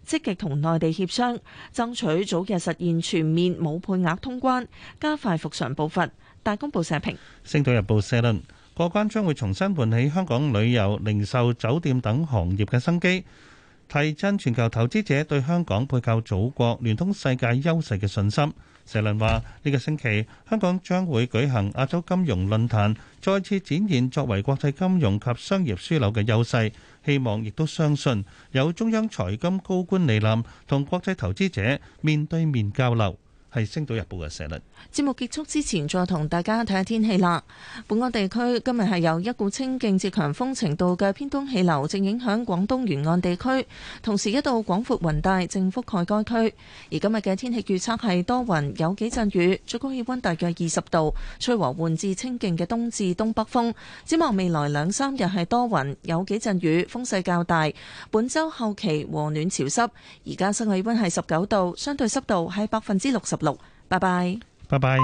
積極同內地協商，爭取早日實現全面冇配額通關，加快復常步伐。大公報社評，《星島日報》社論：過關將會重新喚起香港旅遊、零售、酒店等行業嘅生機，提振全球投資者對香港背靠祖國、聯通世界優勢嘅信心。社論話：呢個星期香港將會舉行亞洲金融論壇，再次展現作為國際金融及商業樞紐嘅優勢。希望亦都相信有中央財金高官蒞臨，同國際投資者面對面交流。係《星島日報》嘅寫律。節目結束之前，再同大家睇下天氣啦。本港地區今日係有一股清勁至強風程度嘅偏東氣流，正影響廣東沿岸地區。同時，一道廣闊雲帶正覆蓋該區。而今日嘅天氣預測係多雲，有幾陣雨，最高氣溫大約二十度，吹和緩至清勁嘅東至東北風。展望未來兩三日係多雲，有幾陣雨，風勢較大。本週後期和暖潮濕。而家室內氣溫係十九度，相對濕度係百分之六十。六，拜拜，拜拜。